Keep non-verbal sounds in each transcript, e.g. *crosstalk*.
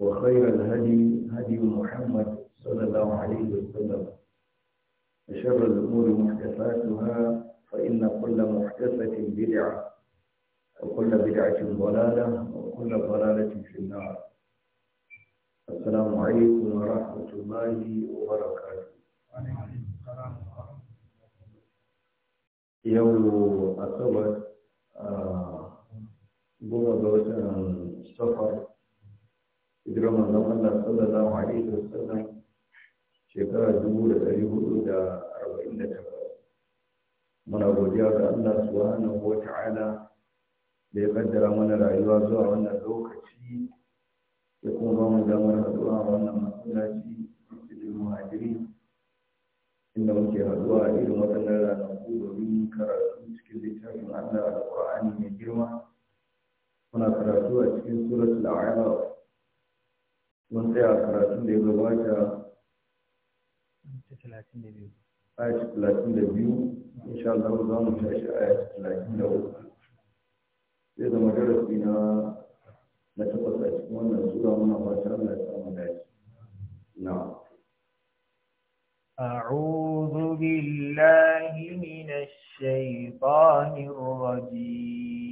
وخير الهدي هدي محمد صلى الله عليه وسلم وشر الأمور محدثاتها فإن كل محدثة بدعة وكل بدعة ضلالة وكل ضلالة في النار السلام عليكم ورحمة الله وبركاته يوم أصبت قوة آه، سفر hijirar manzon Allah sallallahu alaihi wasallam shekara dubu da ɗari hudu da arba'in da takwas muna godiya ga Allah subhanahu wa ta'ala da ya kaddara mana rayuwa zuwa wannan lokaci ya kuma ba mu damar haɗuwa a wannan masallaci masjidin muhajiri inda muke haɗuwa a irin waɗannan ranaku domin karatu cikin littafin Allah da Qur'ani mai girma muna karatu a cikin suratul A'raf mun tsaya karatun da ya gabata a ayat talatin da biyu insha Allah za mu tashi ayat talatin da uku zai zama darasi na na takwas a cikin wannan sura muna fata Allah ya samu dace na أعوذ بالله من الشيطان الرجيم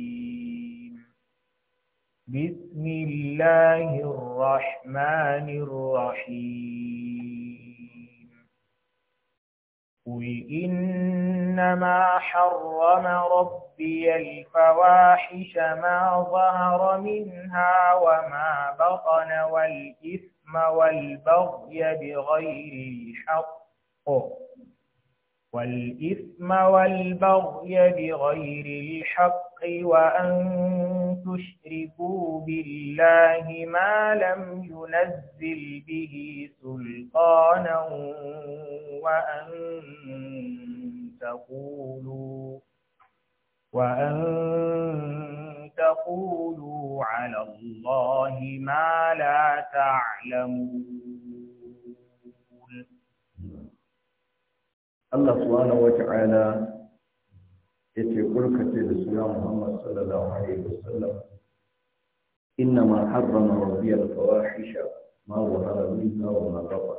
بسم الله الرحمن الرحيم قل إنما حرم ربي الفواحش ما ظهر منها وما بطن والإثم والبغي بغير الحق والإثم والبغي بغير الحق وأن تشركوا بالله ما لم ينزل به سلطانا وأن تقولوا وأن تقولوا على الله ما لا تعلمون الله سبحانه وتعالى Yake ce ƙurkace da su ya muhammad sallallahu alaihi wasallam inna ma harrama rabbiya al-fawahisha ma wahara minha wa ma baqa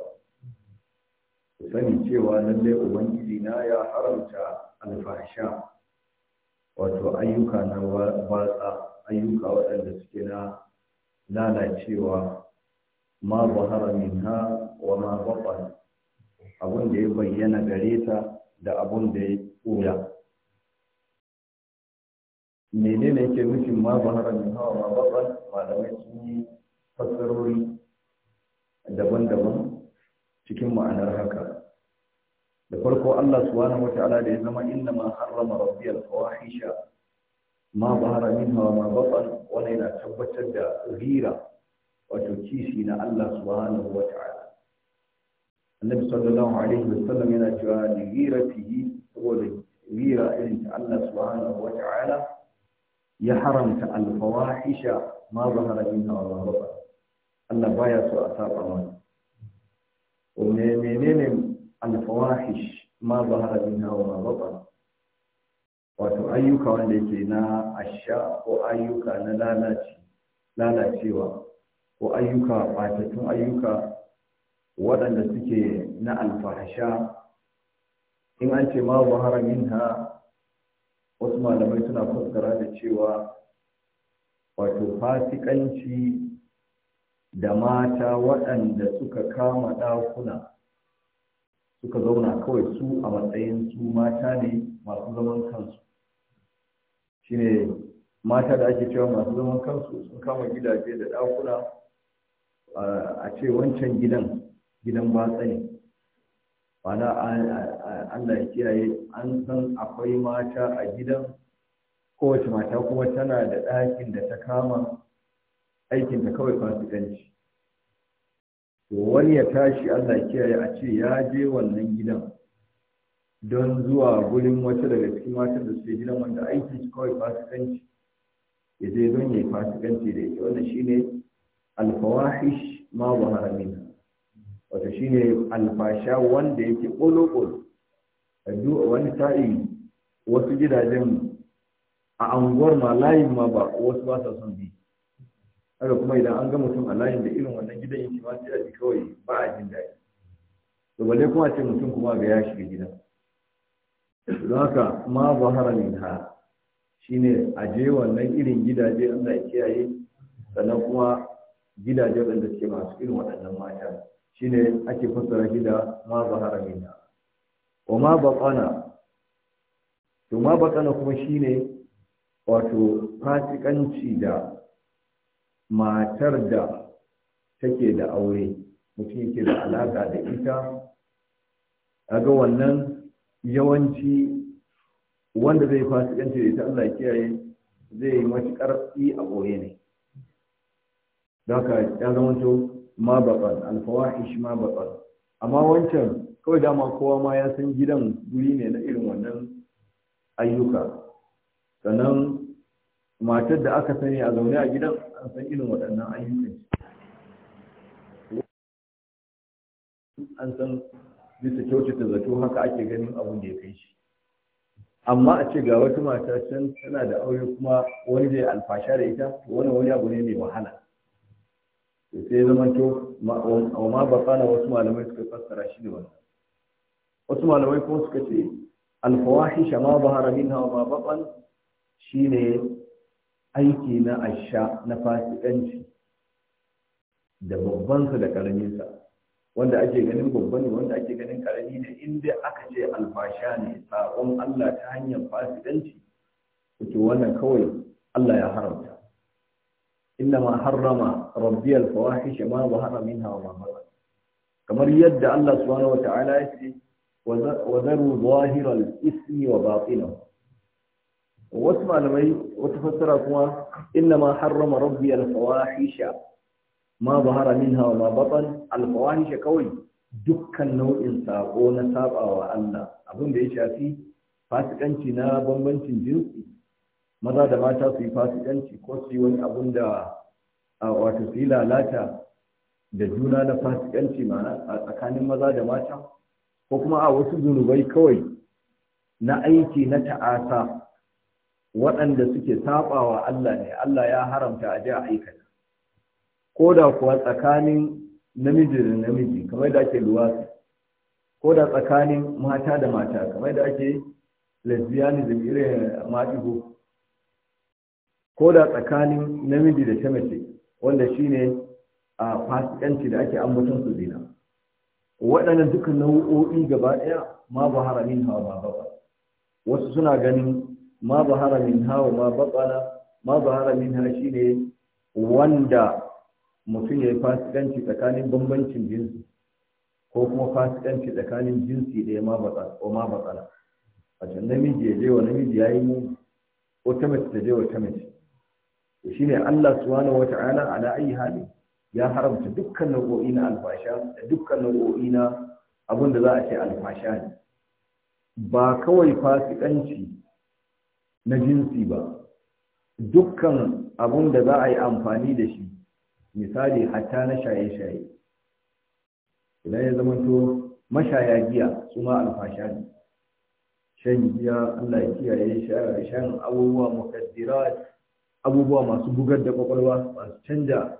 ku sani cewa lallai ubangiji na ya haramta alfasha wato ayyuka na watsa ayyuka waɗanda suke na lalacewa ma bahara minha wa ma baqa abun da ya bayyana gare ta da abun da ya koya menene yake nufin ma bahara min hawa ma babban malamai sun yi fassarori daban-daban cikin ma'anar haka da farko Allah subhanahu wata'ala da ya zama inna ma harrama rabbiyal fawahisha ma bahara min hawa ma babban wannan yana tabbatar da rira wato kishi na Allah subhanahu wata'ala annabi sallallahu alaihi wasallam yana cewa li ghiratihi saboda rira irin ta Allah subhanahu wata'ala ya haramta alfawahisha ma zahara minha wa ma Allah baya so a saba mana menene alfawahish ma zahara minha wa ma wato ayyuka wanda yake na asha ko ayyuka na lalaci lalacewa ko ayyuka batattun ayyuka waɗanda suke na alfahasha in an ce ma zahara minha wasu malamai suna fassara da cewa wato fasikanci da mata waɗanda suka kama ɗakuna suka zauna kawai su a matsayin su mata ne masu zaman kansu shine mata da ake cewa masu zaman kansu sun kama gidaje da ɗakuna a ce wancan gidan gidan batsa wana Allah ya kiyaye an san akwai mata a gidan kowace mata kuma tana da ɗakin da ta kama aikin aikinta kawai fasikanci. To wani ya tashi Allah ya kiyaye a ce ya je wannan gidan don zuwa gurin wata daga cikin matan da suke gidan wanda aikin aiki kawai fasikanci ya je don ya yi fasikanci da ita wannan shine alfawahish ma wa haramina wato shine alfasha wanda yake ƙolo-ƙolo wani sa'i wasu gidajen a anguwar ma layin ma ba wasu ba sa son bi haka kuma idan an ga mutum a layin da irin wannan gidan yake ma sai a ji kawai ba a jin daɗi to balle kuma ce mutum kuma ga ya shiga gidan don haka ma zahara min ha Shi ne a je wannan irin gidaje Allah ya kiyaye sannan kuma gidaje wanda suke masu irin waɗannan mata shine ake fassara shi da ma zahara minna wa ma baqana to ma baqana kuma shine wato fasikanci da matar da take da aure mutum yake da alaka da ita kaga wannan yawanci wanda zai fasikanci da ita Allah kiyaye zai yi matuƙar yi a goye ne. Don haka ya zama to ma baƙar alfawahish ma baban. amma wancan kawai dama kowa ma ya san gidan guri ne na irin wannan ayyuka sannan matar da aka sani a zaune a gidan an san irin waɗannan ayyukan an san bisa kyautata zato haka ake ganin abin da ya kai shi amma a ce ga wata mata can tana da aure kuma wani zai alfasha da ita wani wani abu ne mai wahala sai zama to ma bafana wasu malamai suka fassara shi ne wannan wasu malamai kuma suka ce alfawahisha ma bahara minha wa ma bafan shine aiki na asha na fasikanci da babbansa da sa. wanda ake ganin babban ne wanda ake ganin karami ne in dai aka ce alfasha ne sakon Allah ta hanyar fasikanci to wannan kawai Allah ya haramta innama harrama rabbi al-fawahish ma zahara minha wa ma kamar yadda Allah subhanahu wata'ala ya ce ismi wa batinahu wasu malamai wata fassara kuma innama harrama rabbi al-fawahish ma kawai dukkan nau'in sako na sabawa Allah abin da ya shafi fasikanci na bambancin jinsi maza da mata su yi fasikanci ko su yi wani abun da wato su yi lalata da juna na fasikanci mana a tsakanin maza da mata ko kuma a wasu zunubai kawai na aiki na ta'asa waɗanda suke sabawa Allah ne Allah ya haramta a jiya a aikata ko da kuwa tsakanin namiji da namiji kamar da ake luwasi? ko da tsakanin mata da mata kamar da ake lesbianism irin maɗigo ko da tsakanin namiji da mace, wanda shi ne a fasikanci da ake ambaton su zina waɗannan dukkan nau'o'i gaba ɗaya ma ba haramin hawa ma baba wasu suna ganin ma ba haramin hawa ma babana ma ba haramin hawa ne wanda mutum ya yi fasikanci tsakanin bambancin jinsi ko kuma fasikanci tsakanin jinsi da ya ma batsala a can namiji ya je wa namiji ya yi mu ko ta mace ta je wa ta mace shi ne Allah subhanahu wata'ala ala ayi hali ya haramta dukkan nau'o'i na alfasha da dukkan nau'o'i na abin da za a ce alfasha ne ba kawai fasikanci na jinsi ba dukkan abin da za a yi amfani da shi misali hatta na shaye-shaye idan ya to mashaya giya su ma alfasha ne shan giya Allah ya kiyaye shan abubuwa mukaddirat abubuwa masu bugar da kwakwalwa masu canja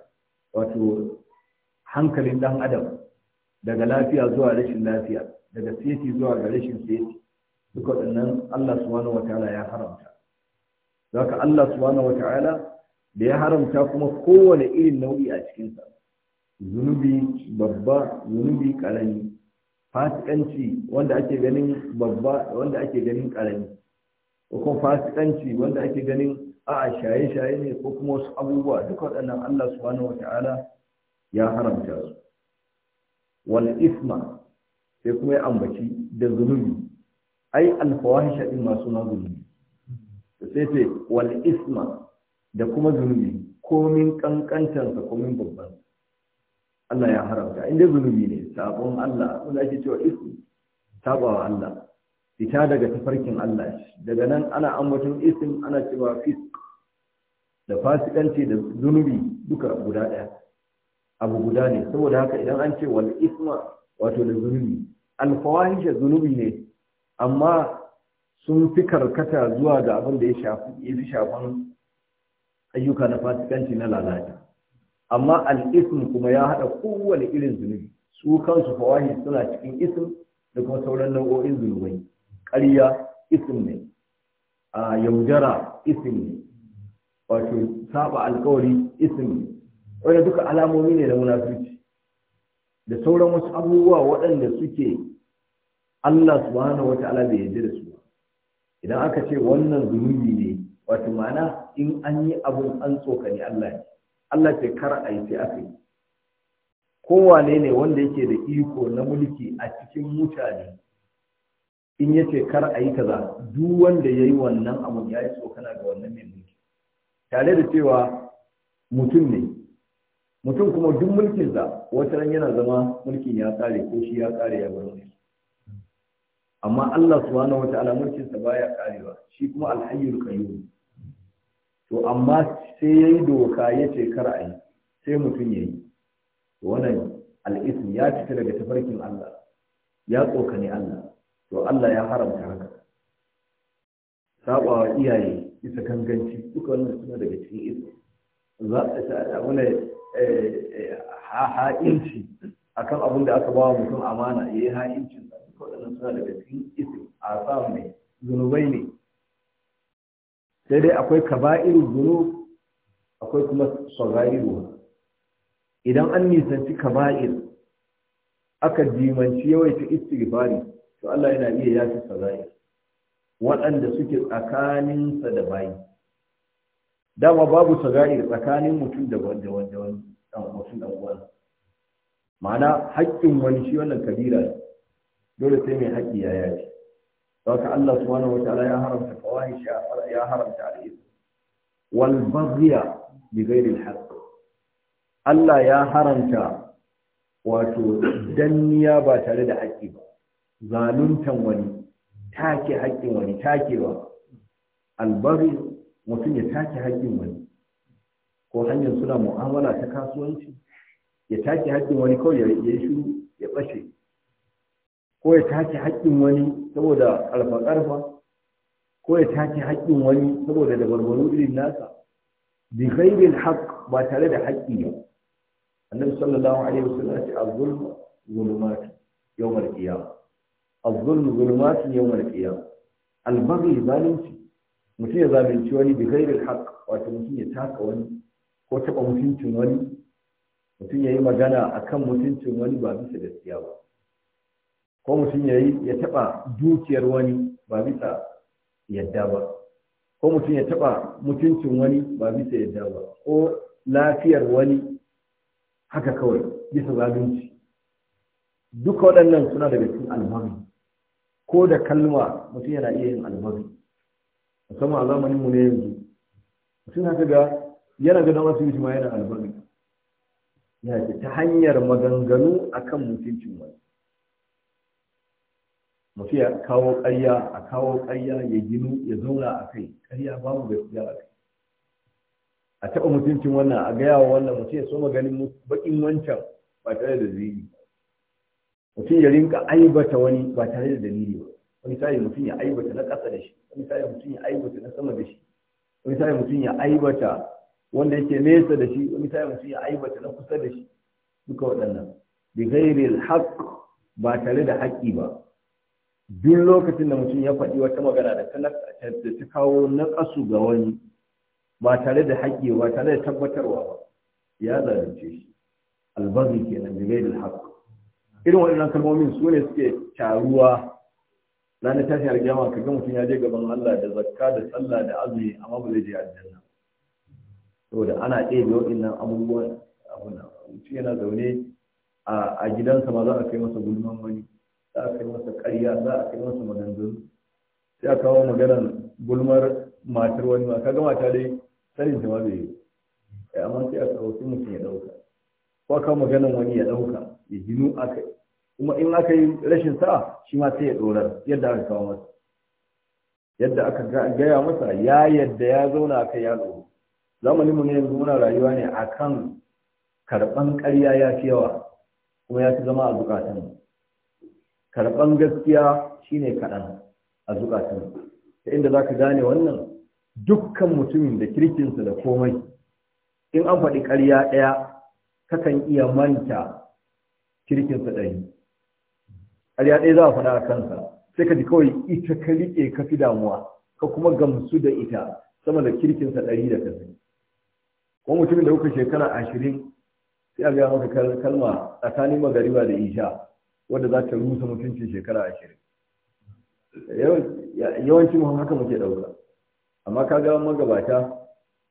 wato hankalin dan adam daga lafiya zuwa rashin lafiya daga siyasi zuwa ga rashin seti duk waɗannan Allah subhanahu wataala ya haramta zaka Allah subhanahu wataala da ya haramta kuma kowane irin nau'i a cikinsa zunubi babba zunubi karami fasikanci wanda ake ganin babba wanda ake ganin karami ko kuma fasikanci wanda ake ganin a shaye-shaye ne ko kuma wasu abubuwa duk waɗannan Allah subhanahu wa ta'ala ya haramta su wal isma sai kuma ya ambaci da zunubi ai fawahisha din masu na zunubi sai ce wal isma da kuma zunubi komin ko komin babban Allah ya haramta inda zunubi ne sabon Allah wanda ake cewa ismi sabawa Allah fita daga tafarkin Allah daga nan ana ambaton isim ana cewa fisk da fasikanci da zunubi duka guda ɗaya abu guda ne saboda haka idan an ce wal isma wato da zunubi alfawahisha zunubi ne amma sun fi karkata zuwa ga abin da ya fi shafan ayyuka na fasikanci na lalata amma al kuma ya haɗa kowane irin zunubi su kansu fawahi suna cikin isim da kuma sauran nau'o'in zunubai ƙarya isim ne a yaujara isim ne wato saba alkawari isim ne wanda duka alamomi ne na munafurci da sauran wasu abubuwa waɗanda suke Allah subhanahu wa ta'ala bai yarda da su idan aka ce wannan zunubi ne wato ma'ana in an yi abun an tsokani Allah ne Allah ce kar a yi sai aka yi kowane ne wanda yake da iko na mulki a cikin mutane in ya ce kar a yi kaza duk wanda ya yi wannan abun ya yi tsokana ga wannan mai mulki tare da cewa mutum ne mutum kuma duk mulkin mulkinsa wata ran yana zama mulkin ya tsare ko shi ya tsare ya bar mulki amma Allah subhanahu wata'ala mulkinsa baya karewa shi kuma alhayyul qayyum to amma sai yayi doka yace kar a yi sai mutum yayi to wannan al'ism ya fita daga tafarkin Allah ya tsokane Allah to Allah ya haramta haka sabawa iyaye isa ganganci duka wannan suna daga cikin iso. za a a wani eh, ha'inci akan abin da aka bawa mutum amana ya yi ha'incin sa duka wannan suna daga cikin iso. a sa mai zunubai ne sai dai akwai kaba'iru zuru akwai kuma saga'iru idan an nisanci kaba'ir aka dimanci yawaita istighfari to Allah yana iya yafi saza'i waɗanda suke tsakaninsa da bayi dama babu saza'i tsakanin mutum da wanda wanda wani mutum dan uwan ma'ana haƙƙin wani shi wannan kabira dole sai mai haƙƙi ya yafi haka Allah subhanahu wataala ya haramta fawahisha ya haramta al'ism wal baghiya bi ghairi al-haqq Allah ya haramta wato danniya ba tare da haƙƙi ba zaluntan wani take haƙƙin wani takewa albari mutum ya take haƙƙin wani ko hanyar suna mu'amala ta kasuwanci ya take haƙƙin wani kawai ya yi shiru ya ɓace ko ya take haƙƙin wani saboda alfa-ƙarfa ko ya take haƙƙin wani saboda dabarbaru irin nasa bi ghairil haqq ba tare da haƙƙi ba annabi sallallahu alaihi wasallam ya ce azulma zulumat yawmal qiyamah الظلم ظلمات يوم القيامة البغي zalunci mutum ya zalunci wani bi ghairil haqq wato mutum ya taka wani ko taɓa mutuncin wani mutum ya yi magana a kan mutuncin wani ba bisa gaskiya ba ko mutum ya ya taba dukiyar wani ba bisa yadda ba ko mutum ya taɓa mutuncin wani ba bisa yadda ba ko lafiyar wani haka kawai bisa zalunci duka waɗannan suna daga cikin almami ko da kalma mutum yana iya yin albabi musamman a zamaninmu ne yanzu mutum haka ga yana ga damar asibiti ma yana albabi ya ce ta hanyar maganganu akan mutuncin wani mutum ya kawo ƙarya a kawo ƙarya ya ginu ya zauna a kai ƙarya babu gaskiya a kai a taɓa mutuncin wannan a gaya wa wannan mutum ya so maganin baƙin wancan ba tare da zini mutum ya rinka aibata wani ba tare da dalili ba wani sai mutum ya aibata na ƙasa da shi wani sai mutum ya aibata na sama da shi wani sai mutum ya aibata wanda yake nesa da shi wani sai mutum ya aibata na kusa da shi duka waɗannan bi ghairi al-haqq ba tare da haƙƙi ba duk lokacin da mutum ya faɗi wata magana da ta kawo naƙasu ga wani ba tare da haƙƙi ba tare da tabbatarwa ba ya zalunce shi albazi kenan bi ghairi al-haqq irin waɗannan kalmomin su ne suke taruwa ranar tashin alkiyama ka ga mutum ya je gaban Allah da zakka da sallah da azumi amma ba zai je aljanna saboda ana ɗebe waɗannan abubuwan abun nan mutum yana zaune a gidansa ma za a kai masa gulman wani za a kai masa ƙarya za a kai masa maganganu sai a kawo maganar gulmar matar wani ma kaga mata dai sanin ta ma bai yi amma sai a kawo sai mutum ya ɗauka ko a kawo maganar wani ya ɗauka ya jinu aka kuma in aka yi rashin sa'a shi ma sai ya dorar yadda aka kawo masa yadda aka gaya masa ya yadda ya zauna aka ya tsoro zamanin mu ne yanzu muna rayuwa ne akan karban ƙarya ya fi yawa kuma ya fi zama a zukatan karban gaskiya shine kaɗan a zukatan ta inda za ka gane wannan dukkan mutumin da kirkinsa da komai in an faɗi ƙarya ɗaya kakan iya manta kirkinsa ɗari ƙarya ɗaya za a fada a kansa sai ka ji kawai ita ka rike ka fi damuwa ka kuma gamsu da ita sama da kirkinsa ɗari da kasai ko mutumin da kuka shekara ashirin sai a gaya maka kalma tsakanin magariba da isha wadda za ta rusa mutuncin shekara ashirin yawanci mu muke ɗauka amma ka ga magabata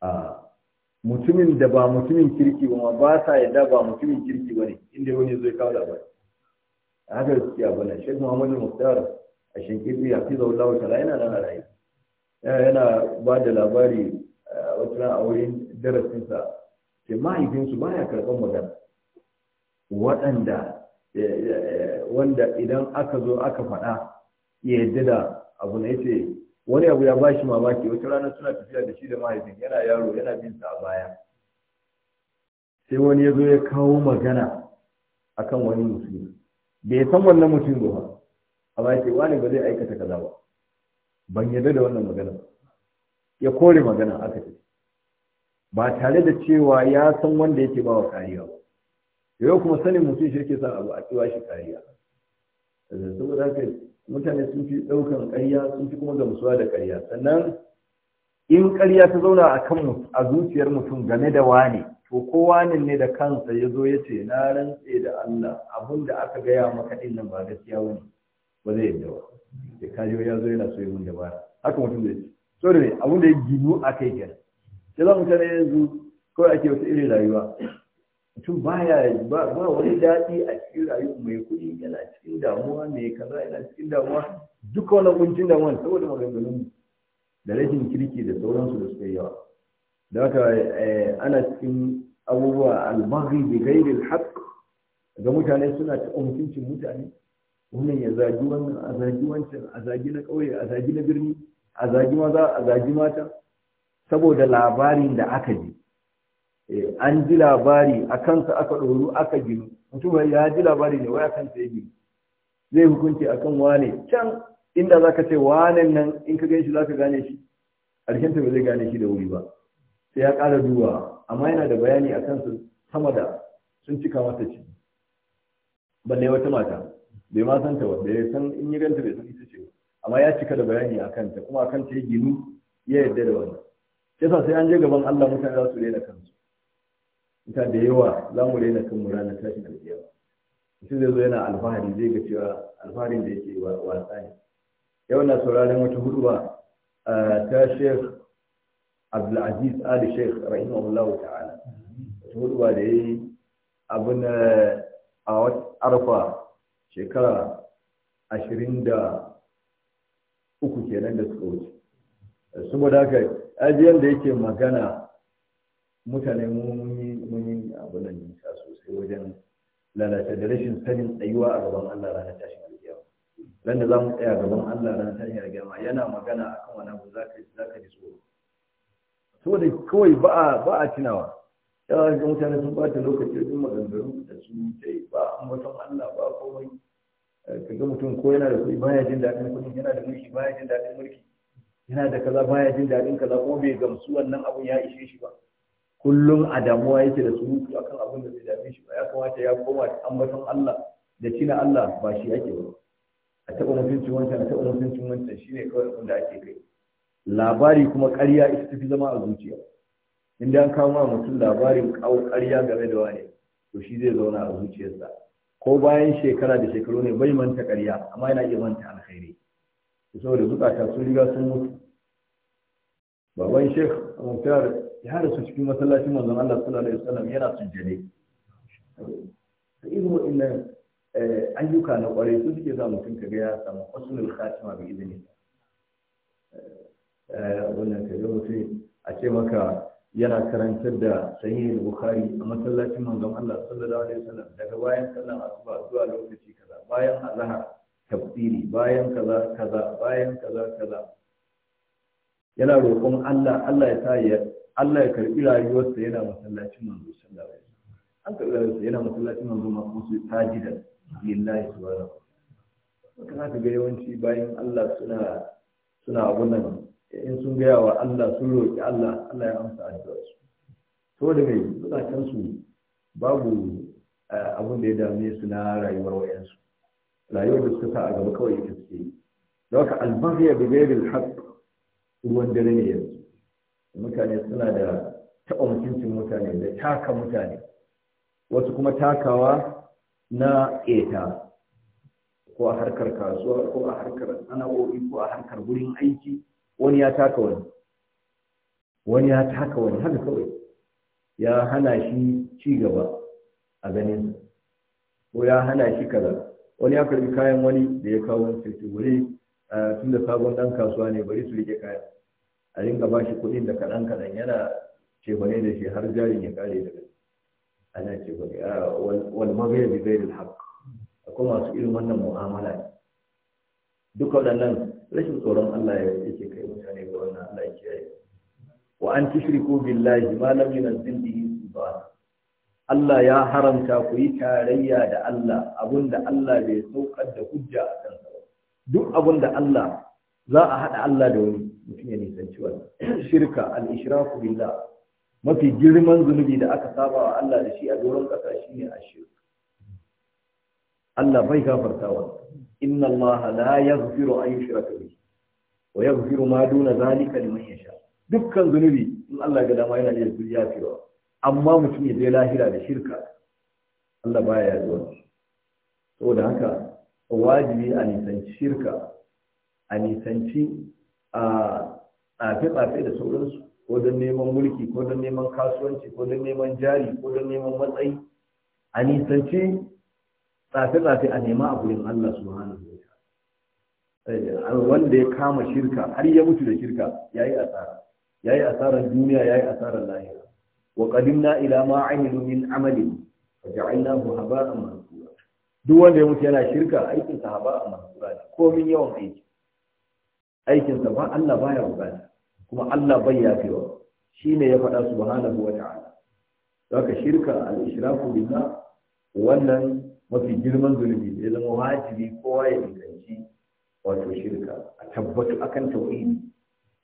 a mutumin da ba mutumin kirki ba ba sa yadda ba mutumin kirki ba ne inda wani zai kawo labari a haka da suke abu na shek muhammadu muftar a shinkirfi a fi zaune tala yana nan rayu yana ba da labari a wata a wurin darasinsa sai mahaifinsu ba ya karɓar magana waɗanda wanda idan aka zo aka faɗa ya yadda da abu na ce. wani abu ya bashi mamaki wata rana suna tafiya da shi da mahaifin yana yaro yana bin sa a baya sai wani ya zo ya kawo magana akan wani musulmi bai san wannan mutum ba a ya ce wani ba zai aikata kaza ba ban yarda da wannan magana ya kore magana aka ce ba tare da cewa ya san wanda yake ba wa kariya ba yau kuma sanin mutum shi yake son abu a tsiwa shi kariya saboda haka mutane sun fi ɗaukan ƙarya sun fi kuma gamsuwa da ƙarya sannan in ƙarya ta zauna a kan a zuciyar mutum game da wane to kowa ne da kansa ya zo ya ce na rantse da Allah abin da aka gaya maka ɗin nan ba gaskiya ba ne ba zai yadda ba da kajiyo ya zo yana so yin dabara haka mutum zai ce so da abin da ya ginu a kai kenan sai za mutane yanzu kawai ake wata irin rayuwa mutum baya ba wani daɗi a cikin rayuwa mai kuɗi yana cikin damuwa mai kaza yana cikin damuwa duka wani kuncin damuwa saboda maganganun da rashin kirki da sauransu da suka yawa da haka eh, ana cikin abubuwa albaghi bi ghairi alhaq ga mutane suna ta mutuncin mutane wannan ya zagi wannan a zagi wancan a zagi na ƙauye a zagi na birni a zagi maza a zagi mata saboda labarin da aka ji Eh, an ji labari a kansa aka ɗoru aka gini mutum ya ji labari ne wai a kansa ya gini zai hukunci kan wane can inda za ka ce wane nan in ka gan shi za ka gane shi ƙarshenta ba zai gane shi da wuri ba sai ya ƙara duwa amma yana da bayani a kansa sama da sun cika mata ci balle wata mata bai ma san ta ba bai san in yi ganta bai san ita ce amma ya cika da bayani a kanta kuma a kanta ya ginu ya yarda da wannan yasa sai an je gaban Allah mutane za su daina kansu ita da yawa za mu raina kanmu ranar tashin alƙiyama mutum zai zo yana alfahari zai ga cewa alfaharin da yake wasa ne yau na sauraron wata huduba ta sheikh abdulaziz ali sheikh rahimahullahu ta'ala wata huduba da ya yi abin a arfa shekara ashirin da uku kenan da suka wuce saboda haka ajiyar da yake magana mutane mun wajen lalata da rashin sanin tsayuwa a gaban Allah ranar tashin alkiyama ran da mu tsaya gaban Allah ranar tashin alkiyama yana magana kan wani abu za ka ji tsoro saboda kawai ba a ba a tunawa yawa ga mutane sun bata lokaci sun maganganu da su dai ba an mutum Allah ba komai ga mutum ko yana da kuɗi baya jin daɗin kuɗi yana da mulki baya jin daɗin mulki yana da kaza baya jin daɗin kaza ko bai gamsu wannan abun ya ishe shi ba kullum a damuwa yake da surutu akan abin da bai dame shi ba ya kamata ya koma ambaton Allah da 'Cina Allah ba shi ake ba a taɓa mutuncin wancan a taɓa mutuncin wancan shi ne kawai abin da ake kai labari kuma ƙarya ita tafi zama a zuciya inda an kawo ma mutum labarin kawo ƙarya game da wani to shi zai zauna a zuciyarsa ko bayan shekara da shekaru ne bai manta ƙarya amma yana iya manta alkhairi saboda zukata sun riga sun mutu baban sheikh muktar ya su cikin masallacin manzon Allah sallallahu alaihi wasallam yana sujjade da irin wa'annan eh, ayyuka na kwarai su suke sa mutum kaga ya samu husnul khatima bi idni wannan eh, eh, kaga mutum a ce maka yana karantar da sahihul bukhari a masallacin manzon Allah sallallahu alaihi wasallam daga bayan sallan asuba zuwa lokaci kaza bayan azhar tafsiri bayan kaza kaza bayan kaza kaza yana roƙon Allah Allah ya sa ya Allah ya karbi rayuwarsa yana masallacin manzo sallallahu alaihi wasallam an karbi rayuwarsa yana masallacin manzo ma ko su tajidan lillahi subhanahu haka za ka ga yawanci bayan Allah suna suna nan. in sun gaya wa Allah sun roƙi Allah Allah ya amsa addu'a su to da suna kan su babu eh, abin da ya dame su na rayuwar wayansu rayuwar da suka sa a gaba kawai ita suke yi don haka albaghiya bi ghairi al-haqq ruwan dare ne yanzu mutane suna da taɓa mutuncin mutane da taka mutane wasu kuma takawa na ƙeta ko a harkar kasuwa ko a harkar sana'o'i ko a harkar wurin aiki wani ya taka wani wani ya taka wani haka kawai ya hana shi ci gaba a ganin ko ya hana shi kaza wani ya karbi kayan wani da ya kawo wani sai wuri Tunda sabon ɗan kasuwa ne bari su rike kaya a dinga ba shi kuɗin da kaɗan kaɗan yana cefane da shi har jarin ya kare da kai ana cefane a wal mabiya bi zai da haƙ akwai masu irin wannan mu'amala duka waɗannan rashin tsoron Allah ya yake kai mutane ga wannan Allah ya kiyaye wa an tushriku billahi ma lam yunzil bihi ba. Allah ya haramta ku yi tarayya da Allah abinda Allah bai saukar da hujja a kan duk abin da Allah za a haɗa Allah da wani mutum ya nisanci wani *clears throat* shirka al-ishraku billah mafi girman zunubi da aka saba wa Allah da shi a doron ƙasa a shirka. Allah bai gafartawa inna Allah la yaghfiru an yushraka bihi wa yaghfiru ma duna zalika liman yasha dukkan zunubi in Allah ga dama yana iya zuriya amma mutum ya je lahira da shirka Allah baya yazo saboda haka wajibi a nisanci shirka a nisanci a tsafe-tsafe da sauransu ko don neman mulki ko don neman kasuwanci ko don neman jari ko don neman matsayi a nisanci tsafe-tsafe a nema a gurin Allah subhanahu wa eh, wanda ya kama shirka har ya mutu da shirka ya yi asara Ya yi asarar duniya ya yi asarar lahira wa qadimna ila ma min amalin faj'alnahu haba'an duk wanda ya mutu yana shirka aikin sa ba a mansura komin yawan aiki aikin sa ba Allah baya bukata kuma Allah bai wa? Shi ne ya faɗa subhanahu wa ta'ala haka shirka al-ishraku billah wannan mafi girman zulmi ya zama wajibi kowa ya inganci wato shirka a tabbatu akan tauhidi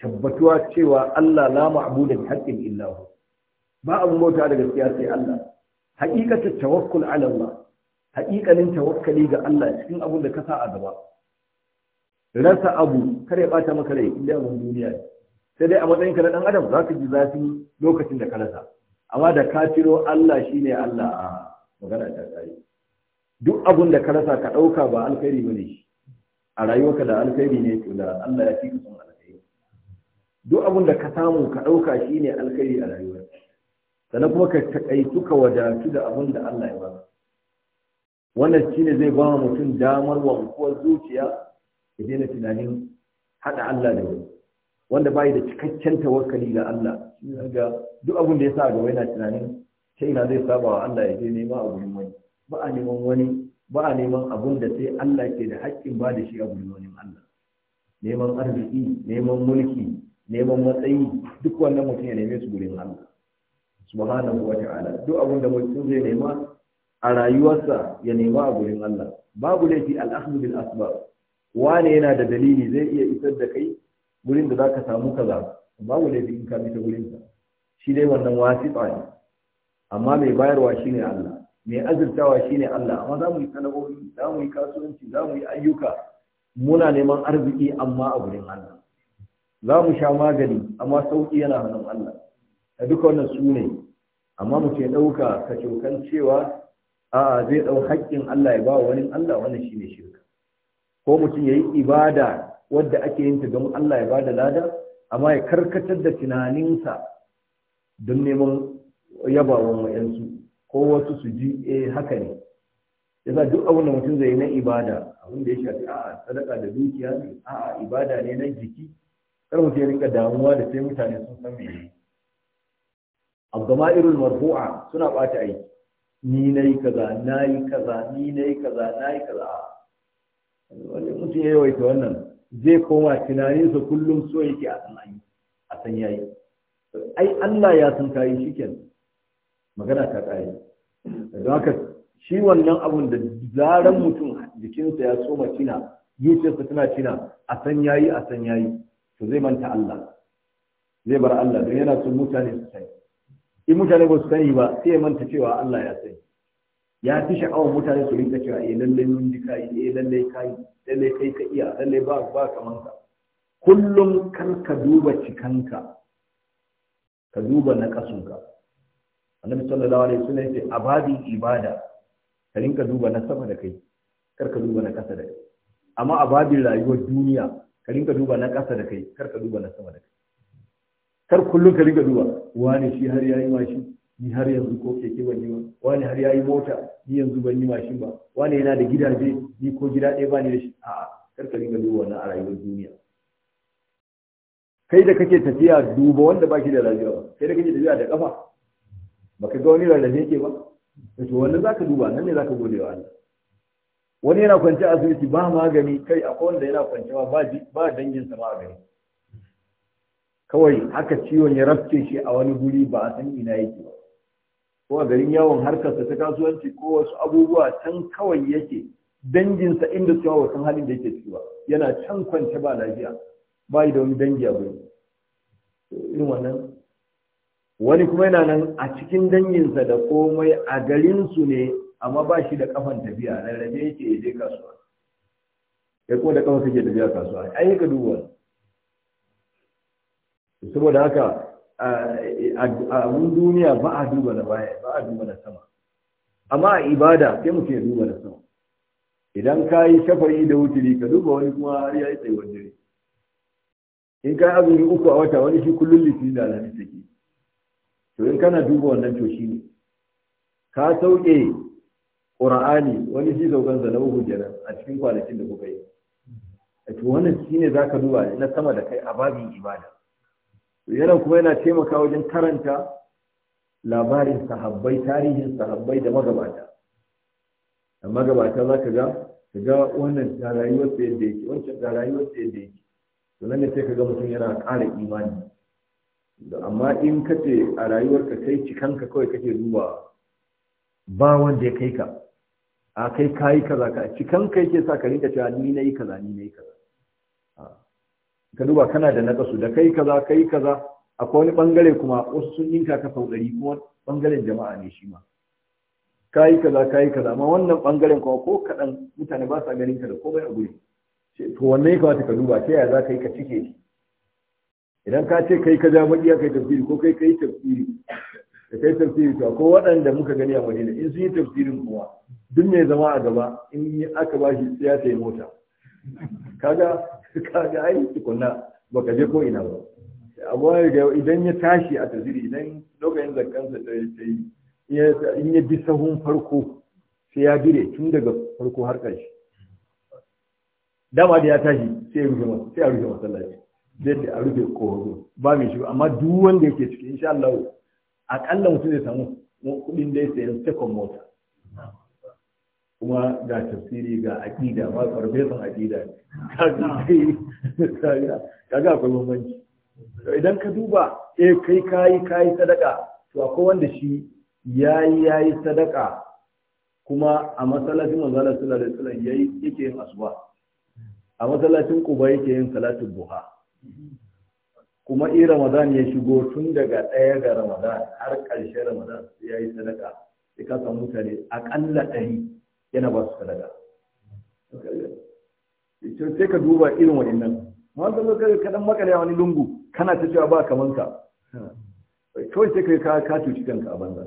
tabbatuwa cewa Allah la ma'budu bi haqqin illahu. ba abun mota da gaskiya sai Allah haqiqatu tawakkul ala Allah haƙiƙanin tawakkali ga Allah cikin abin da ka sa a gaba rasa abu kare ya bata maka rai inda abin duniya ne sai dai a matsayin ka na dan adam za ka ji zafi lokacin da ka rasa amma da ka tiro Allah shine Allah a magana ta tsari duk abin da ka rasa ka ɗauka ba alkhairi bane shi a rayuwarka da alkhairi ne to da Allah ya fi ka son alkhairi duk abin da ka samu ka ɗauka shine alkhairi a rayuwarka sannan kuma ka taƙaitu ka wadatu da abin da Allah ya ba ka wannan ne zai ba mutum damar wa kuwa zuciya ya daina tunanin haɗa Allah da wani wanda bai da cikakken tawakkali ga Allah ga duk abin da ya sa gaba yana tunanin sai na zai saba wa Allah ya je nema a gurin wani ba a neman wani ba a neman abin da sai Allah ke da haƙƙin ba da shi a gurin wani Allah neman arziki neman mulki neman matsayi duk wannan mutum ya neme su gurin Allah subhanahu wa ta'ala duk abin da mutum zai nema a rayuwarsa ya nema a gurin Allah babu laifi al'ahmu bil asbab wane yana da dalili zai iya isar da kai gurin da zaka samu kaza babu laifi in ka fita gurin sa shi dai wannan wasifa ne amma mai bayarwa shine Allah mai azurtawa shine Allah amma za mu yi sana'o'i za mu yi kasuwanci za mu yi ayyuka muna neman arziki amma a gurin Allah za mu sha magani amma sauki yana hannun Allah da duka wannan su amma mu ce ɗauka ka cewa a zai ɗau hakkin Allah ya ba wani Allah wannan shine shirka ko mutum yayi yi ibada wadda ake yin ta don Allah ya bada lada amma ya karkatar da tunaninsa don neman yabawan wayansu ko wasu su ji eh haka ne yasa duk abunda mutum zai yi na ibada abin da ya shafi a'a sadaka da dukiya ne a'a ibada ne na jiki kar mutum ya rinka damuwa da sai mutane sun san me abdama irin marfu'a suna bata aiki ni na yi kaza na yi kaza ni na yi kaza na yi kaza wani mutum ya yawaita wannan zai koma tunaninsa kullum so yake a san a san yayi ai Allah ya san kayi shiken magana ta kare don haka shi wannan abun da zaran mutum jikinsa ya soma tina zuciyarsa tana tina a san yayi a san yayi to zai manta Allah zai bar Allah don yana son mutane su sani in mutane ba su sani ba sai ya manta cewa Allah ya sani ya fi sha'awar mutane su rinka cewa eh lalle mun ji kai eh lalle kai lalle kai ka iya lalle ba ba kaman ka kullum kar ka duba cikanka ka duba na kasunka annabi sallallahu alaihi wasallam ce abadi ibada ka rinka duba na sama da kai kar ka duba na kasa da kai amma abadi rayuwar duniya ka rinka duba na kasa da kai kar ka duba na sama da kai kar kullum ka riga duba wani shi har yayi mashin ni har yanzu ko keke ban yi ba wani har yayi mota ni yanzu ban yi mashin ba wani yana da gidaje ni ko gida ɗaya ba ni da shi a'a kar ka riga duba wannan a rayuwar duniya kai da kake tafiya duba wanda baki da lafiya ba kai da kake tafiya da kafa baka ga wani rarrafe yake ba to wannan zaka duba nan ne zaka gode wa Allah wani yana kwance asibiti ba magani kai akwai wanda yana kwancewa ba ba dangin sa magani kawai haka ciwon ya rafce shi a wani guri ba a san ina yake ba ko a garin yawon harkarsa ta kasuwanci ko wasu abubuwa can kawai yake danginsa inda su wasan halin da yake ciwa? yana can kwance ba lafiya ba da wani dangi a gurin irin wannan wani kuma yana nan a cikin danginsa da komai a garinsu ne amma ba shi da kafan tafiya rarrabe yake ya je kasuwa ya kuma da kafan take tafiya kasuwa ai ka duba saboda haka abun duniya ba a duba da baya ba a duba da sama amma a ibada sai muke duba da sama idan ka yi shafa'i da wuturi ka duba wani kuma har ya yi tsayuwar dare in ka yi azumi uku a wata wani shi kullum litinin da alhamis take to in kana duba wannan to shi ne ka sauke ƙura'ani wani shi saukansa na uku kenan a cikin kwanakin da kuka yi to wannan shi ne za ka duba na sama da kai a babin ibada yana kuma yana taimaka wajen karanta labarin sahabbai tarihin sahabbai da magabata da magabata za ka ga ka ga wannan rayuwar sa yadda yake wancan ga rayuwar sa yadda yake to nan ne sai ka ga mutum yana ƙara imani amma in ka ce a rayuwarka kai cikanka kawai kake duba ba wanda ya kai ka a kai kayi kaza ka cikanka yake sa ka rinka cewa ni nayi kaza ni nayi kaza ah. ka duba kana da naƙasu da kai kaza kai kaza akwai wani bangare kuma wasu sun yinka ka sau ɗari kuma bangaren jama'a ne shi ma kayi kaza kayi kaza amma wannan bangaren kuma ko kaɗan mutane ba sa ganin ka da komai a guri to wannan ya kamata ka duba ta yaya za ka yi ka cike shi idan ka ce kai ka ja maɗiya kai tafsiri ko kai kai tafsiri da kai tafsiri to ko waɗanda muka gani a madina in sun yi tafsirin kuma duk mai zama a gaba in aka ba shi sai ya mota kaga *laughs* ka ga ai tukunna baka je ko ina ba ga idan ya tashi a taziri idan lokacin zakkansa ya yi in ya bi sahun farko sai ya dire tun daga farko har ƙarshe dama da ya tashi sai ya rufe sai a rufe masallaci zai a rufe kohoto ba mai shi amma duk wanda yake ciki insha Allah akalla mutum zai samu kuɗin da ya sayan second motor kuma ga tafsiri ga aƙida ma farfesan aƙida kaga akwai bambanci idan ka duba eh kai kayi kayi sadaka to akwai wanda shi yayi yayi sadaka kuma a masallacin manzo Allah sallallahu alaihi wasallam yayi yake yin asuba a masallacin Quba yake yin salatul buha. kuma I Ramadan ya shigo tun daga ɗaya ga Ramadan har ƙarshen Ramadan yayi sadaka sai ka samu mutane aƙalla ɗari yana ba su sadaka sai ka duba irin waɗannan amma zan zo ka dan makale wani lungu kana ta cewa ba kaman ka kawai sai kai ka ka cuci kanka a banza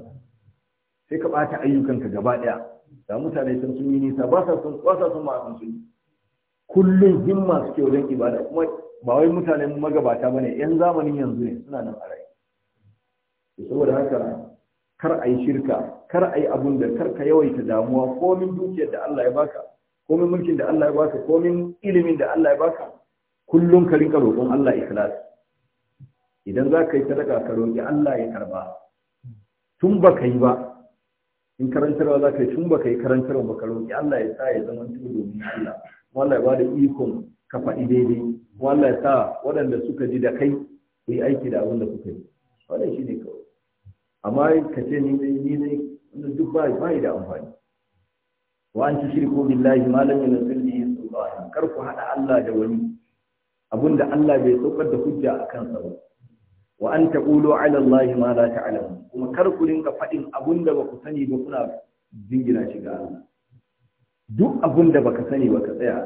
sai ka bata ayyukanka gaba daya da mutane sun sun yi nisa ba sa sun ba sa sun ma sun sun kullun himma suke wajen ibada kuma ba wai mutanen magabata bane yan zamanin yanzu ne suna nan a rai saboda haka kar a yi shirka kar a yi abun da kar ka yawaita damuwa komin dukiyar da Allah ya baka komin mulkin da Allah ya baka komin ilimin da Allah ya baka kullum ka rinka roƙon Allah ikhlas idan za ka yi sadaka ka roƙi Allah ya karba tun ba ka yi ba in karantarwa za ka yi tun ba ka yi karantarwa ba ka roƙi Allah ya sa ya zama tun domin Allah wanda ya bada ikon ka faɗi daidai wanda ya sa waɗanda suka ji da kai ku yi aiki da abin da kuka yi wannan shi ne kawai amma ka ce ni ne ni ne wannan duk ba ba da amfani wa an tushriku billahi ma lam yunzil bihi sultan kar ku hada Allah da wani abinda Allah bai saukar da hujja akan sa ba wa an taqulu ala Allah ma la ta'lamun kuma kar ku rinka fadin abinda ba ku sani ba kuna jingina shi ga Allah duk abinda baka sani ba ka tsaya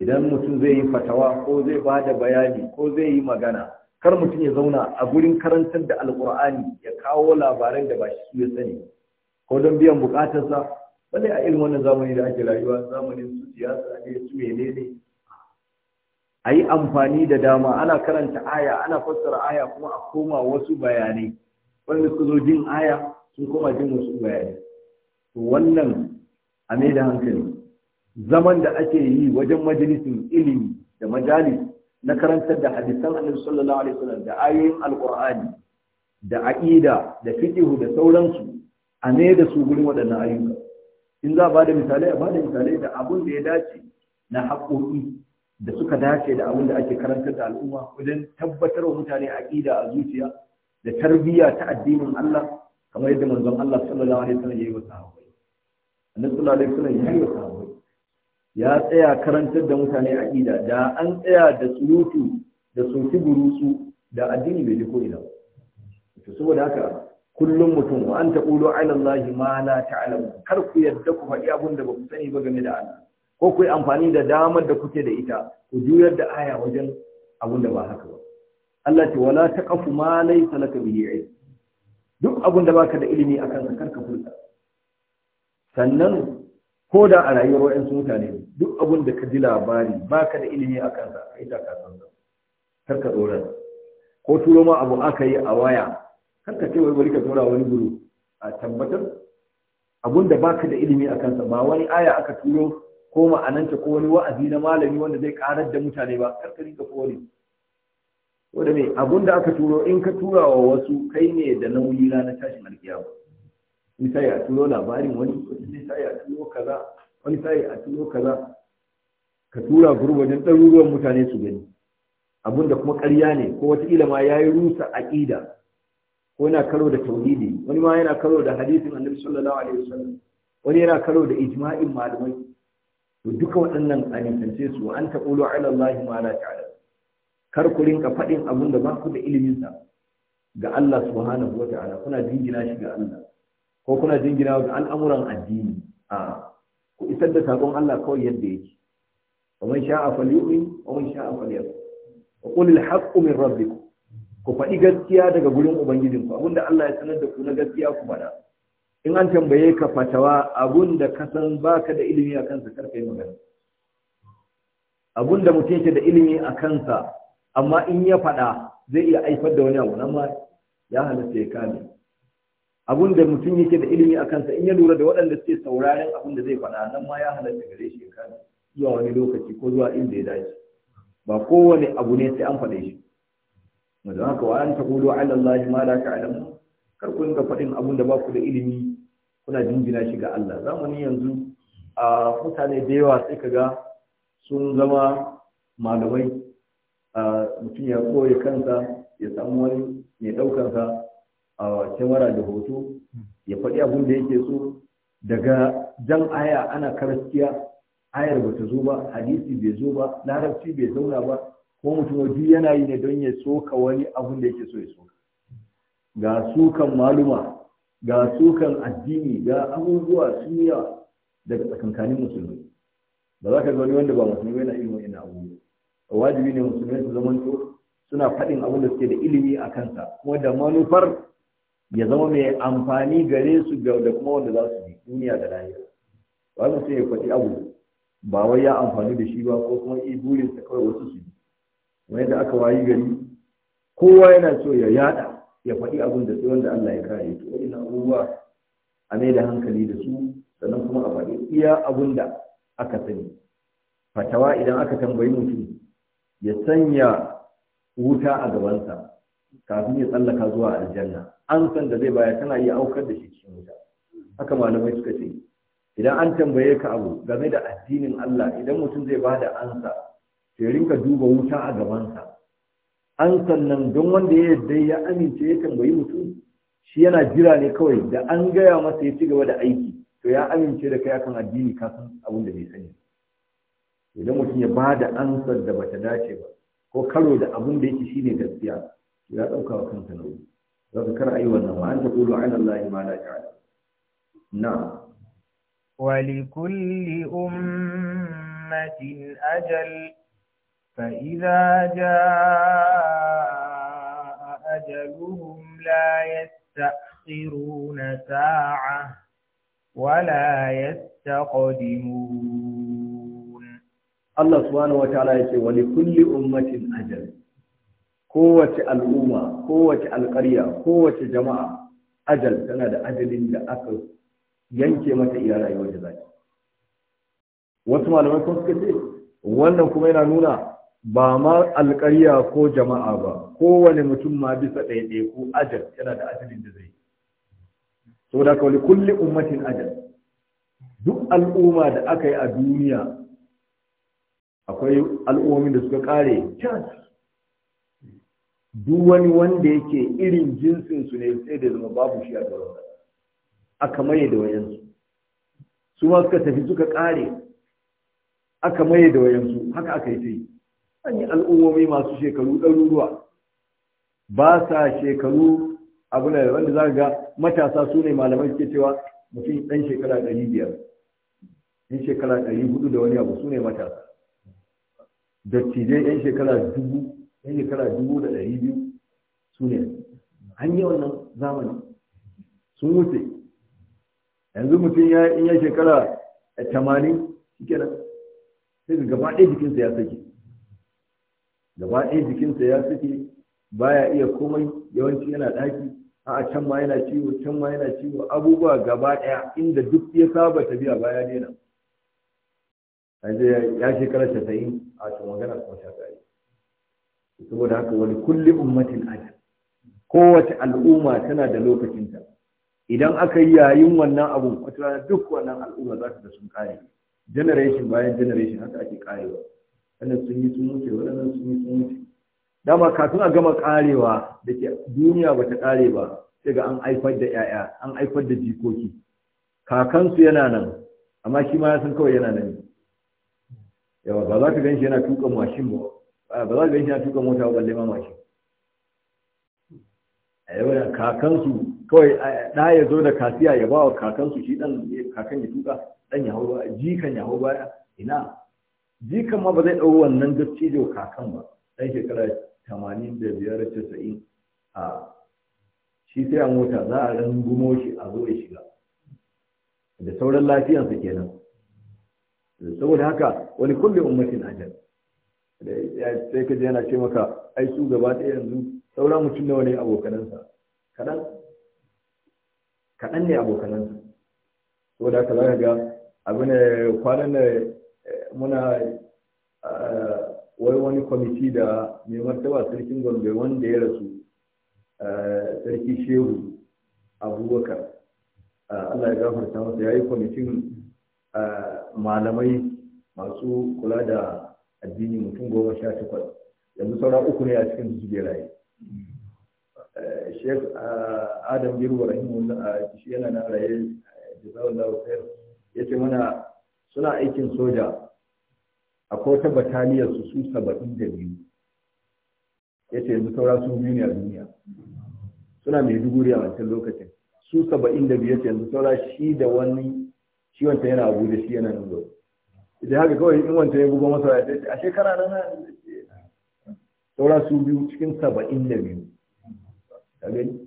idan mutum zai yi fatawa ko zai ba da bayani ko zai yi magana kar mutum ya zauna a gurin karantar da alkur'ani ya kawo labaran da ba shi su ya sani ko don biyan bukatarsa balle a irin wannan zamani da ake rayuwa zamanin su siyasa ne su menene a yi amfani da dama ana karanta aya ana fassara aya kuma a koma wasu bayanai wanda suka zo jin aya sun koma jin wasu bayanai to wannan a mai da hankali zaman da ake yi wajen majalisin ilimi da majalis na karantar da hadisan annabi sallallahu alaihi wasallam da ayoyin alqur'ani da aqida da fiqhu da sauransu a ne da su gurin waɗannan ayyuka in za a da misalai a bada misalai da abun da ya dace na haƙoƙi da suka dace da abun da ake karantar da al'umma wajen tabbatar wa mutane aqida a zuciya da tarbiyya ta addinin Allah kamar yadda manzon Allah sallallahu alaihi wasallam ya yi wa sahabbai annabi sallallahu alaihi wasallam ya yi wa sahabbai ya tsaya karantar da mutane a ida da an tsaya da surutu da soki burusu da addini bai ji ko'ina ina saboda haka kullum mutum wa an taɓulo ala allahi ma la ta'lamu kar ku yadda ku faɗi abin da ba ku sani ba game da Allah ko ku yi amfani da damar da kuke da ita ku juyar da aya wajen abin da ba haka ba Allah ce wala taqafu ma laysa laka bihi duk abin da baka da ilimi akan sa karka fulka sannan ko da a rayuwar wa'yansu mutane duk abin da ka ji labari ba ka da ilimi a kansa a ita ka san kar ka tsoron ko turo ma abu aka yi a waya kar ka ce wani wani ka tura wani guru a tabbatar abin da ba ka da ilimi a kansa ba wani aya aka turo ko ma'ananta ko wani wa'azi na malami wanda zai karar da mutane ba kar ka koWani. kore da ne abin da aka turo in ka tura wa wasu kai ne da nauyi na tashin alkiyama wani sai a turo labarin wani wani sai a turo kaza wani sai a turo kaza ka tura gurbin ɗaruruwan mutane su gani abun da kuma ƙarya ne ko wataƙila ma ya yi rusa aƙida ko yana karo da tauhidi wani ma yana karo da hadisin annabi sallallahu alaihi wasallam wani yana karo da ijma'in malamai to duka waɗannan a nisance su an taqulu ala allahi ma la ta'lam kar ku rinka faɗin abun da ba ku da ilimin sa ga Allah subhanahu wa ta'ala kuna jingina shi ga Allah ko kuna jingina ga al'amuran addini a ku isar da sakon Allah kawai yadda yake wa man sha'a falyu'min wa man sha'a falyakfur wa qul al-haqqu min rabbikum ku faɗi gaskiya daga gurin ubangijinku abinda Allah ya sanar da ku na gaskiya ku faɗa in an tambaye ka fatawa abunda ka san baka da ilimi a kansa karfe yi magana abunda mutum yake da ilimi a kansa amma in ya faɗa zai iya haifar da wani abu nan ma ya halatta ya kame abun da mutum yake da ilimi a kansa in ya lura da waɗanda suke sauraren abun da zai faɗa nan ma ya halatta gare shi kan zuwa wani lokaci ko zuwa inda ya dace ba kowane abu ne sai an faɗe shi mazan haka wa an taqulu ala allahi ma la ta'lamu kar ku dinga faɗin abun da ba ku da ilimi kuna jinjina shi ga Allah zamani yanzu a mutane da yawa sai kaga sun zama malamai mutum ya koya kansa ya samu wani mai ɗaukansa a kyamara da hoto ya faɗi abin da yake so daga jan aya ana karaskiya ayar ba ta zo ba hadisi bai zo ba larabci bai zauna ba ko mutum waje yana yi ne don ya soka wani abin da yake so ya soka ga sukan maluma ga sukan addini ga abubuwa sun yawa daga tsakankanin musulmi ba za ka ga wani wanda ba musulmi yana irin abu abubuwa wajibi ne musulmi su suna faɗin abin da suke da ilimi a kansa kuma da manufar ya zama mai amfani gare su da kuma wanda za su yi duniya da lahira su sai ya faɗi abu ba wai ya amfani da shi ba ko kuma burin sa kawai wasu su yi. wani da aka wayi gari kowa yana so ya yada ya faɗi abin da sai wanda Allah ya kare to ina abubuwa a mai da hankali da su sannan kuma a faɗi iya abin da aka sani fatawa idan aka tambayi mutum ya sanya wuta a gabansa kafin ya tsallaka zuwa aljanna an san da zai baya tana iya aukar da shi cikin wuta haka malamai suka ce idan an tambaye ka abu game da addinin Allah idan mutum zai ba da ansa to rinka duba wuta a gabansa an nan don wanda ya yarda ya amince ya tambayi mutum shi yana jira ne kawai da an gaya masa ya ci gaba da aiki to ya amince da kai akan addini ka san abin da bai sani idan mutum ya ba da ansar da bata dace ba ko karo da abin da yake shine gaskiya يا دوكا wa تنوي وذكر za ka أن a عن الله ما لا يعلم نعم ولكل أمة أجل فإذا جاء أجلهم لا يستأخرون ساعة ولا يستقدمون الله سبحانه وتعالى يقول ولكل أمة أجل kowace al'umma kowace alƙarya kowace jama'a ajal tana da ajalin da aka yanke mata iya rayuwar da zaki wasu malamai kuma suka ce wannan kuma yana nuna ba ma alƙarya ko jama'a ba kowane mutum ma bisa ɗaiɗai ko ajal yana da ajalin da zai saboda ka wani kulli ummatin ajal duk al'umma da aka yi a duniya akwai al'ummomin da suka kare cas duk wani wanda yake irin jinsin su ne sai da zama babu shi a garin aka maye da wayansu su ma suka tafi suka kare aka maye da wayansu haka aka yi sai an yi al'ummomi masu shekaru ɗaruruwa ba sa shekaru abu ne wanda za ga matasa su ne malamai suke cewa mutum ɗan shekara ɗari biyar ɗan shekara ɗari hudu da wani abu su ne matasa dattijai ɗan shekara dubu yan shekara dubu da ɗari biyu su ne an yi wannan zamani sun wuce yanzu mutum ya yi shekara tamanin shike nan sai ga gaba ɗaya jikinsa ya sake gaba ɗaya jikinsa ya sake baya iya komai yawanci yana ɗaki a can ma yana ciwo can ma yana ciwo abubuwa gaba ɗaya inda duk ya saba tafiya baya daina ya shekara 90 a cikin magana kuma sha saboda haka wani kulli ummatin ajal kowace al'umma tana da lokacinta idan aka yi yayin wannan abun wata rana duk wannan al'umma za ta da sun kare generation bayan generation haka ake karewa wannan sun yi sun wuce wannan sun yi sun wuce dama kafin a gama karewa da ke duniya ba ta kare ba sai ga an haifar da yaya an haifar da jikoki kakansu yana nan amma shi ma ya san kawai yana nan yawa ba za ka gan shi yana tuka mashin ba ba za ka yi na tuka mota balle ma mace a yau da kakansu kawai ɗaya ya zo da kasiya ya ba wa kakansu shi ɗan kakan ya tuka ɗan ya hau baya jikan ya hau baya ina jikan ma ba zai ɗau wannan da kakan ba ɗan shekara tamanin da biyar da casa'in a shi sai a mota za a gumo shi a zo ya shiga da sauran lafiyansa kenan saboda haka wani kulle ummatin ajal sai ka je yana ce maka ai su gaba ɗaya yanzu sauran mutum nawa ne abokanansa kaɗan kaɗan ne abokanansa to da ka za ga abin kwanan da eh, muna eh, wai wani kwamiti da mai martaba sarkin gombe wanda ya rasu eh, sarki shehu abubakar allah ya gafarta masa ya yi kwamitin malamai masu kula da addini mutum goma sha takwas yanzu sauran uku ne a cikin su raye eh, Sheikh ah, Adam Girwa a ah, shi yana na raye jazawallahu ya ce mana suna aikin soja a wata bataliyar su su saba'in da biyu Ya ce yanzu saura su biyu ne a duniya suna mai duguri a wancan lokacin su saba'in da biyu yanzu saura shi da wani ciwon ta yana abu da shi yana nan gaba idan haka kawai in wancan ya bugo masa ya a shekara na na saura su biyu cikin saba'in da biyu ka gani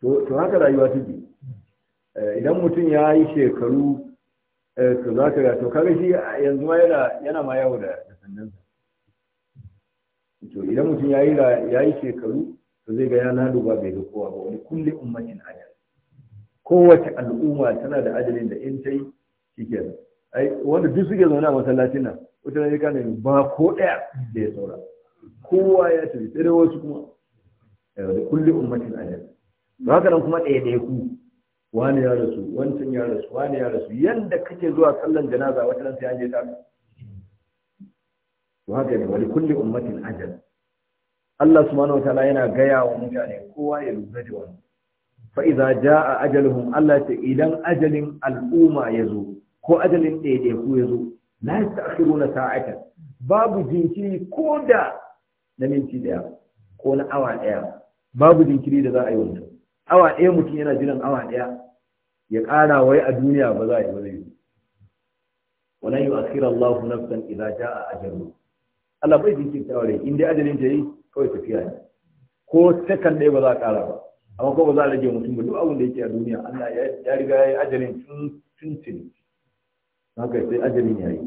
to haka rayuwa ke eh, idan mutum ya yi shekaru eh, to za ka gato to kaga shi yanzu ma yana ma yawo da sandansa to idan mutum ya yi shekaru to zai ga yana na duba bai ga kowa ba wani kulli ummatin ajal kowace al'umma tana da ajalin da in ta yi shikenan wanda duk suke zaune a masallacin nan wata ne kana nemi ba ko ɗaya da ya saura kowa ya tafi sai dai wasu kuma da kulli ummatin ajal ba haka nan kuma ɗaya ɗaya ku wani ya rasu wancan ya rasu wani ya rasu yanda kake zuwa sallan janaza wata nan sai an je ta to haka ne wani kulli ummatin ajal Allah subhanahu wataala yana gaya wa mutane kowa ya lura da wannan fa idza jaa ajaluhum Allah ta idan ajalin al'umma ya zo ko ajalin ɗaiɗaiku ya zo la yasta'khiruna sa'atan babu jinkiri ko da na minti daya ko na awa daya babu jinkiri da za a yi wanda awa daya mutum yana jiran awa daya ya ƙara wai a duniya ba za a yi ba zai wala yu'akhiru Allah nafsan idza jaa mu. Allah bai jinkirta wa rai inda dai ajalin ta yi kawai tafiya ne ko sakan ɗaya ba za a ƙara ba amma ko ba za a rage mutum ba duk abin da yake a duniya Allah ya riga ya yi tun tun tun haka sai ajalin yayi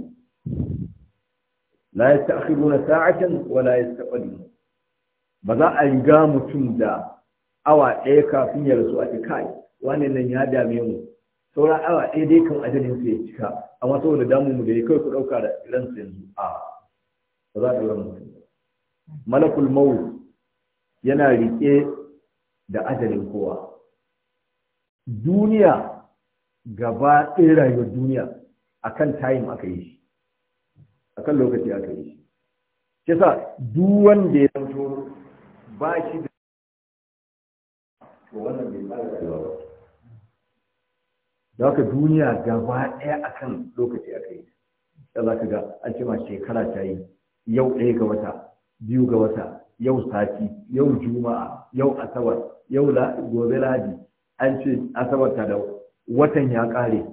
la yasta'khiruna sa'atan wa la yastaqdimu ba za a riga mutum da awa ɗaya kafin ya rasu a kai wannan nan ya dame mu saura awa ɗaya dai kan ajalin sai ya cika amma saboda damu mu da ya kai ku ɗauka da sai yanzu a ba za a ɗaura mutum malakul maut yana riƙe da ajalin kowa duniya gaba ɗaya rayuwar duniya akan time aka yi shi akan lokaci aka yi shi Kisa duk wanda ya zanto ba shi da to wannan bai tsara da ba da haka duniya gaba ɗaya akan lokaci aka yi da za ka ga an ce shekara ta yi yau ɗaya ga wata biyu ga wata yau sati yau juma'a yau asabar yau gobe ladi an ce asabar ta da watan ya ƙare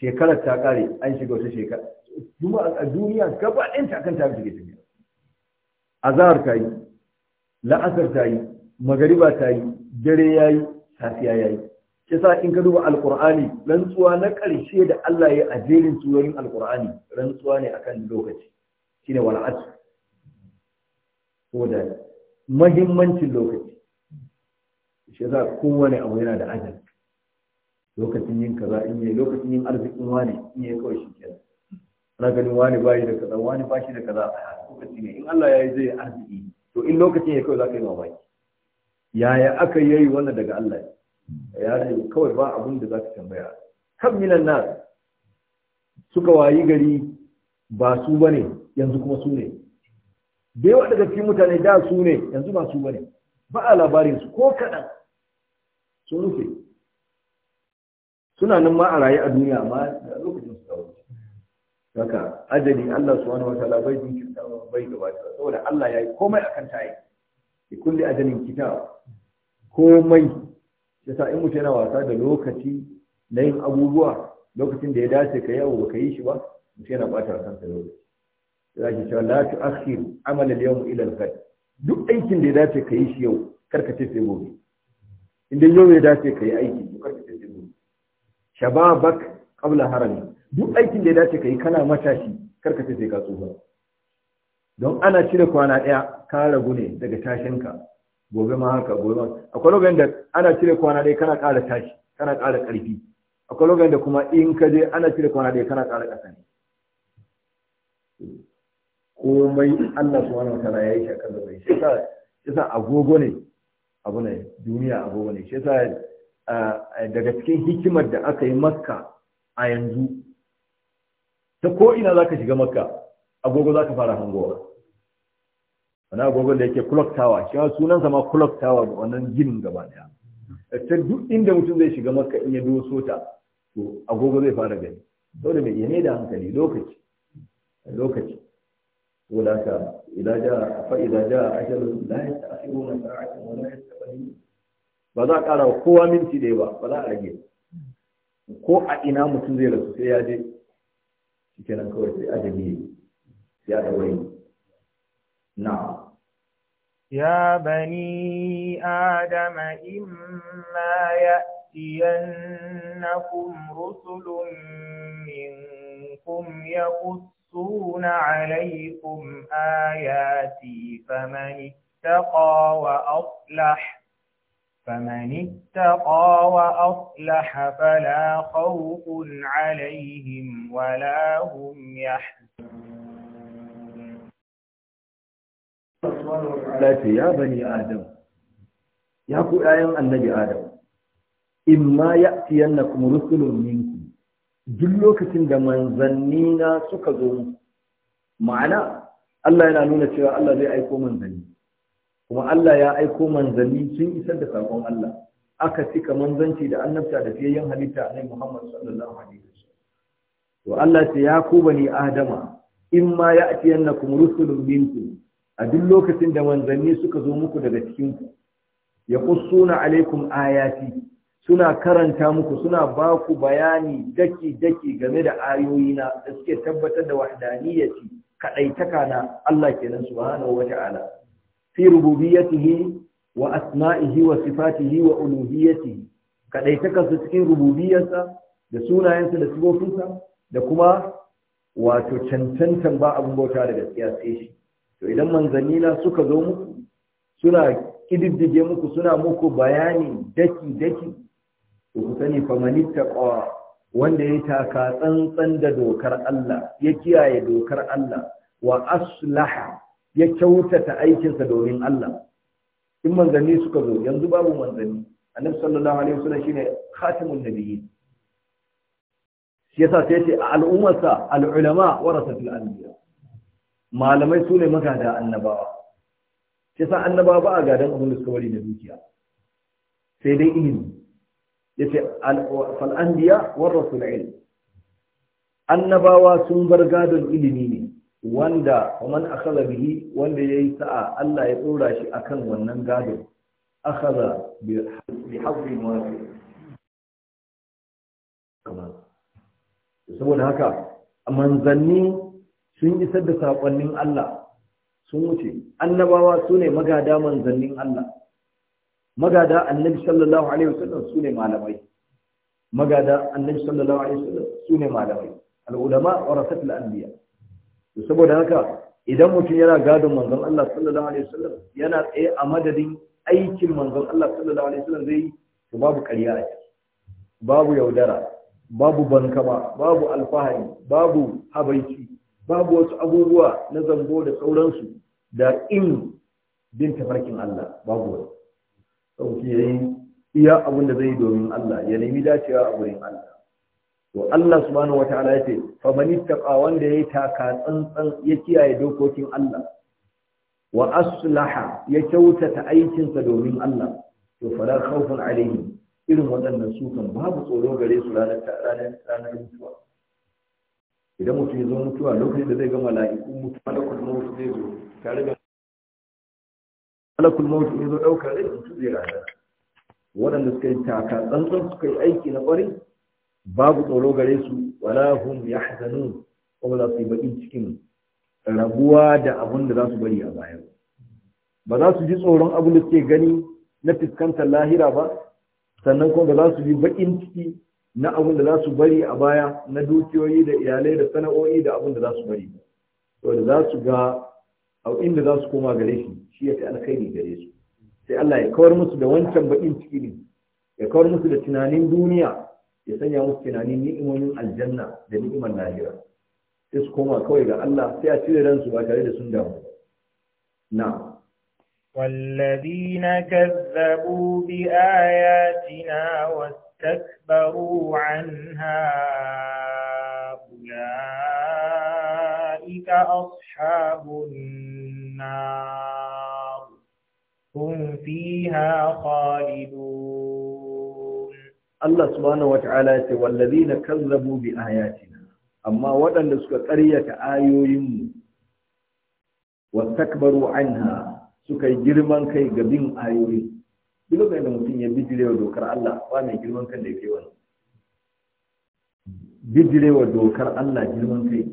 shekarar ta kare an shiga wata shekara a duniya gaba ɗin ta kan ta shiga tafiya azahar ta yi la'asar ta yi magariba ta yi dare ya yi safiya ya yi shi sa in ka duba alkur'ani rantsuwa na ƙarshe da Allah ya a jerin surorin alkur'ani rantsuwa ne akan lokaci shine wal asr saboda mahimmancin lokaci shi sa kowane abu yana da ajal lokacin yin kaza in yi lokacin yin arzikin wani in yi kawai shi kenan ana ganin wani shi da kaza wani bashi da kaza a lokaci ne in Allah ya yi zai arziki to in lokacin ya kawai za ka yi mamaki yaya aka yi wannan daga Allah ya ne kawai ba abun da za ka tambaya kan minan nas suka wayi gari ba su bane yanzu kuma su ne da yawa daga cikin mutane da su ne yanzu ba su bane ba a labarin su ko kaɗan sun rufe suna nan ma a raye a duniya amma da lokacin su dawo haka ajali Allah subhanahu wa ta'ala bai jinkirta bai gabata saboda Allah ya yi komai akan tayi ki kulli ajalin kitab komai yasa in mutum yana wasa da lokaci na yin abubuwa lokacin da ya dace ka yawo ka yi shi ba mutum yana bata kansa lokaci za ki cewa la akhir amal al-yawm ila al-ghad duk aikin da ya dace ka yi shi yau karka ka sai gobe idan yau ya dace ka yi aiki to karka tafi shababak qabla harami duk aikin da ya dace kai kana matashi karka ce sai ka tsufa don ana cire kwana daya ka ragu ne daga tashinka gobe ma haka gobe ma akwai lokacin da ana cire kwana daya kana ƙara tashi kana ƙara ƙarfi akwai lokacin da kuma in ka je ana cire kwana daya kana ƙara ƙasa ne komai Allah subhanahu wataala ya yi shi akan lokaci shi yasa agogo ne abu ne duniya agogo ne shi yasa daga cikin hikimar da aka yi makka a yanzu ta ko ina za ka shiga makka agogo za ka fara hangowa wani agogon da yake clock tower shi sunansa ma clock tower wannan ginin gaba daya ta duk inda mutum zai shiga maka in ya biyo sota, to agogo zai fara gani da mai yane da hankali lokaci lokaci Ko da ka idan ja fa idan ja ajalun la yasta'khiruna sa'atan wa la yastaqdimun ba za a ƙara kowa minti ɗaya ba ba za a rage ko a ina mutum zai rasu sai ya je shi kenan kawai sai ajami ya ɗaure na يا بني آدم ya يأتينكم رسل منكم يقصون عليكم آياتي فمن اتقى وأصلح فمن اتقى وأصلح فلا خوف عليهم ولا هم يحزنون يا بني آدم يا قرآن آية النبي آدم إما يأتينكم رسل منكم جلوك سندما ينزنينا سكزون معنى الله ينعمون الله زي أيكم منزنين kuma Allah ya aiko manzanni sun isar da sakon Allah aka cika manzanci da annabta da fiyayyen halitta a nai Muhammad sallallahu alaihi wasallam to Allah ce ya ku bani adama in ma ya kuma rusulun minkum a duk lokacin da manzanni suka zo muku daga cikin ku suna alaikum ayati suna karanta muku suna ba ku bayani daki daki game da ayoyina da suke tabbatar da ci, kadaitaka na Allah kenan subhanahu wa ta'ala fi rububiyyatihi wa asma'ihi wa sifatihi wa uluhiyyatihi kadaitakarsa cikin rububiyarsa da sunayensa da sifofinsa da kuma wato cancantan ba abin bauta da gaskiya sai shi to idan manzanina suka zo muku suna kididdige muku suna muku bayani daki daki to ku sani fa manitta wanda ya taka tsantsan da dokar Allah ya kiyaye dokar Allah wa aslaha ya kyautata aikinsa domin Allah in manzanni suka zo yanzu babu manzanni annabi sallallahu alaihi wasallam shine khatimun nabiyyin shi yasa sai ce al'ummarsa al'ulama warasatul anbiya malamai su ne magada annabawa shi yasa annabawa ba a gadan abin da suka bari da dukiya sai dai ilimi yace fal anbiya warasul ilm annabawa sun bar gadon ilimi ne wanda man akhala bihi wanda yayi sa'a Allah ya dora shi akan wannan gado akhala bi haqqi muwafi saboda haka manzanni sun isa da sakonnin Allah sun wuce annabawa su ne magada manzannin Allah magada annabi sallallahu alaihi wasallam su ne malamai magada annabi sallallahu alaihi wasallam su ne malamai al'ulama warasatul anbiya saboda haka idan mutum yana gadon manzon Allah sallallahu alaihi wasallam yana tsaye a madadin aikin manzon Allah sallallahu alaihi wasallam zai to babu ƙarya a babu yaudara babu bankama babu alfahari babu habaiki babu wasu abubuwa na zambo da sauransu da in bin tafarkin Allah babu wani sauki yayin iya abin da zai domin Allah ya nemi dacewa a wurin Allah to Allah subhanahu wataala ya ce fa man ittaqa wanda yayi taka tsantsan ya kiyaye dokokin Allah wa aslaha ya kyautata aikinsa domin Allah to la khawfun alaihim irin waɗannan su kan babu tsoro gare su ranar ranar mutuwa idan mutum ya zo mutuwa lokacin da zai ga mala'iku da malakul mawt zai zo tare da malakul mawt ya zo ɗaukar rai mutu zai rana waɗanda suka yi taka tsantsan suka yi aiki na ƙwarin? babu tsoro gare su wala hum yahzanun kuma za su yi bakin cikin rabuwa da abun da za su bari a baya ba za su ji tsoron abin da suke gani na fuskantar lahira ba sannan kuma ba za su ji bakin ciki na abun da za su bari a baya na dukiyoyi da iyalai da sana'o'i da abun da za su bari to da za su ga a inda za su koma gare shi shi ya fi alkhairi gare su sai Allah ya kawar musu da wancan bakin ciki ne ya kawar musu da tunanin duniya ya sanya musu tunanin ni'imomin aljanna da ni'imar lahira sai su koma kawai ga Allah sai a cire ransu ba tare da sun damu na والذين كذبوا بآياتنا واستكبروا عنها أولئك أصحاب النار هم فيها خالدون Allah subhanahu ta'ala ya ce wallazina kazzabu bi ayatina amma waɗanda suka ƙaryata ayoyinmu takbaru anha suka yi girman kai ga bin ayoyi duk lokacin da mutum ya wa dokar Allah ba mai girman kan da yake wani wa dokar Allah girman kai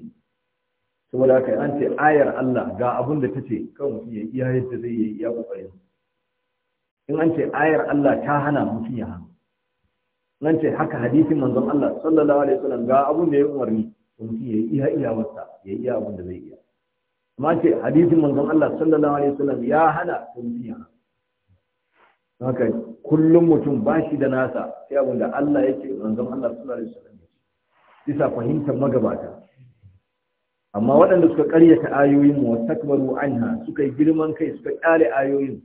saboda haka an ce ayar Allah ga abin da ta ce kan mutum ya iya yadda zai yi ya kokari in an ce ayar Allah ta hana mutum ya hana nan ce haka hadisin manzon Allah sallallahu alaihi wasallam ga abun da ya umarni to mutum ya iya iya wasa ya iya abun da zai iya amma ce hadisin manzon Allah sallallahu alaihi wasallam ya hana to mutum ya haka kullum mutum ba shi da nasa sai abun da Allah yake manzon Allah sallallahu alaihi wasallam bisa fahimtar magabata amma waɗanda suka ƙaryata ayoyin mu wastakbaru anha suka yi girman kai suka ƙare ayoyin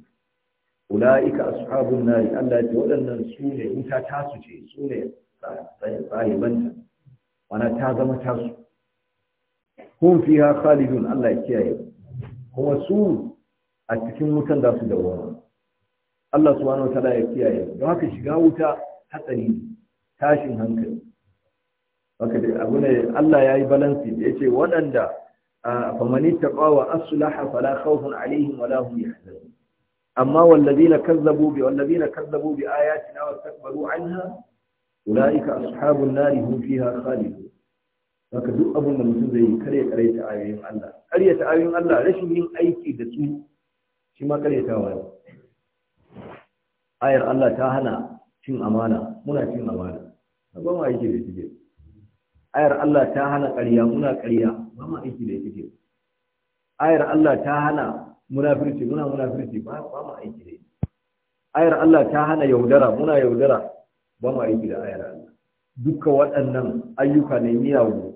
ula'ika ashabun nari Allah ya waɗannan su ne wuta tasu ce su ne sahibanta mana ta zama tasu kun fi ha khalidun Allah ya kiyaye kuma su a cikin wutan za su dawoma Allah subhanahu wataala ya kiyaye don haka shiga wuta hatsari tashin hankali haka dai abu ne Allah ya yi balansi da ya ce waɗanda a taqawa as-sulaha fala khawfun alaihim wala hum yahzanun amma wallazina kazzabu bi wallazina kazzabu bi ayatina wastakbaru anha ulaika ashabun nari hum fiha khalidun haka duk abin da mutum zai yi kare kare ta ayoyin Allah kare ta ayoyin Allah rashin yin aiki da su shi ma kare ta wani ayar Allah ta hana cin amana muna cin amana ba mu aiki da take ayar Allah ta hana ƙarya muna ƙarya ba mu aiki da take ayar Allah ta hana munafirci muna munafirci ba ba mu aiki da ayar Allah ta hana yaudara muna yaudara ba mu aiki da ayar Allah dukkan waɗannan ayyuka ne miyawu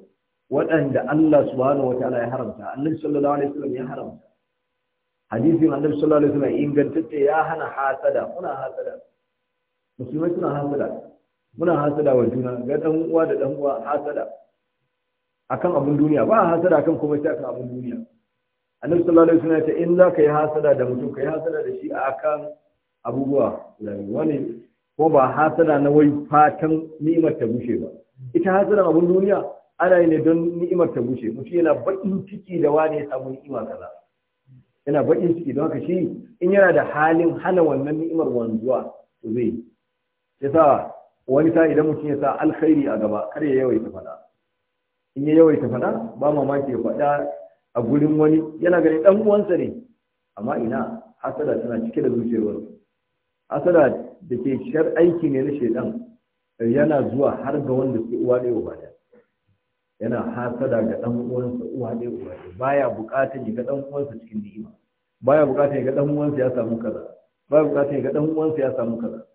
waɗanda Allah subhanahu wataala ya haramta annabi sallallahu alaihi wasallam ya haramta hadisin annabi sallallahu alaihi wasallam ingantacce ya hana hasada muna hasada musulmai suna hasada muna hasada wa juna ga dan uwa da dan uwa hasada akan abun duniya ba hasada akan komai sai akan abun duniya annabi sallallahu alaihi wasallam ya ce in za ka yi hasada da mutum ka yi hasada da shi a akan abubuwa wani ko ba hasada na wai fatan ni'imar ta bushe ba ita hasada abun duniya ana yi ne don ni'imar ta bushe mutum yana baƙin ciki da wani ya samu ni'ima kaza yana baƙin ciki don haka shi in yana da halin hana wannan ni'imar wanzuwa to zai yasa wani sa idan mutum ya sa alkhairi a gaba kar ya yawaita faɗa in ya yawaita faɗa ba mamaki ya faɗa a gurin wani yana gani dan uwansa ne amma ina hasada tana cike da zuciyar hasada da ke shar aiki ne na shedan yana zuwa har ga wanda ke uwa ɗaya uba yana hasada ga ɗan uwansa uwa ɗaya uba ɗaya baya buƙatar ya ga ɗan uwansa cikin ni'ima baya buƙatar ya ga ɗan uwansa ya samu kaza baya buƙatar ya ga ɗan uwansa ya samu kaza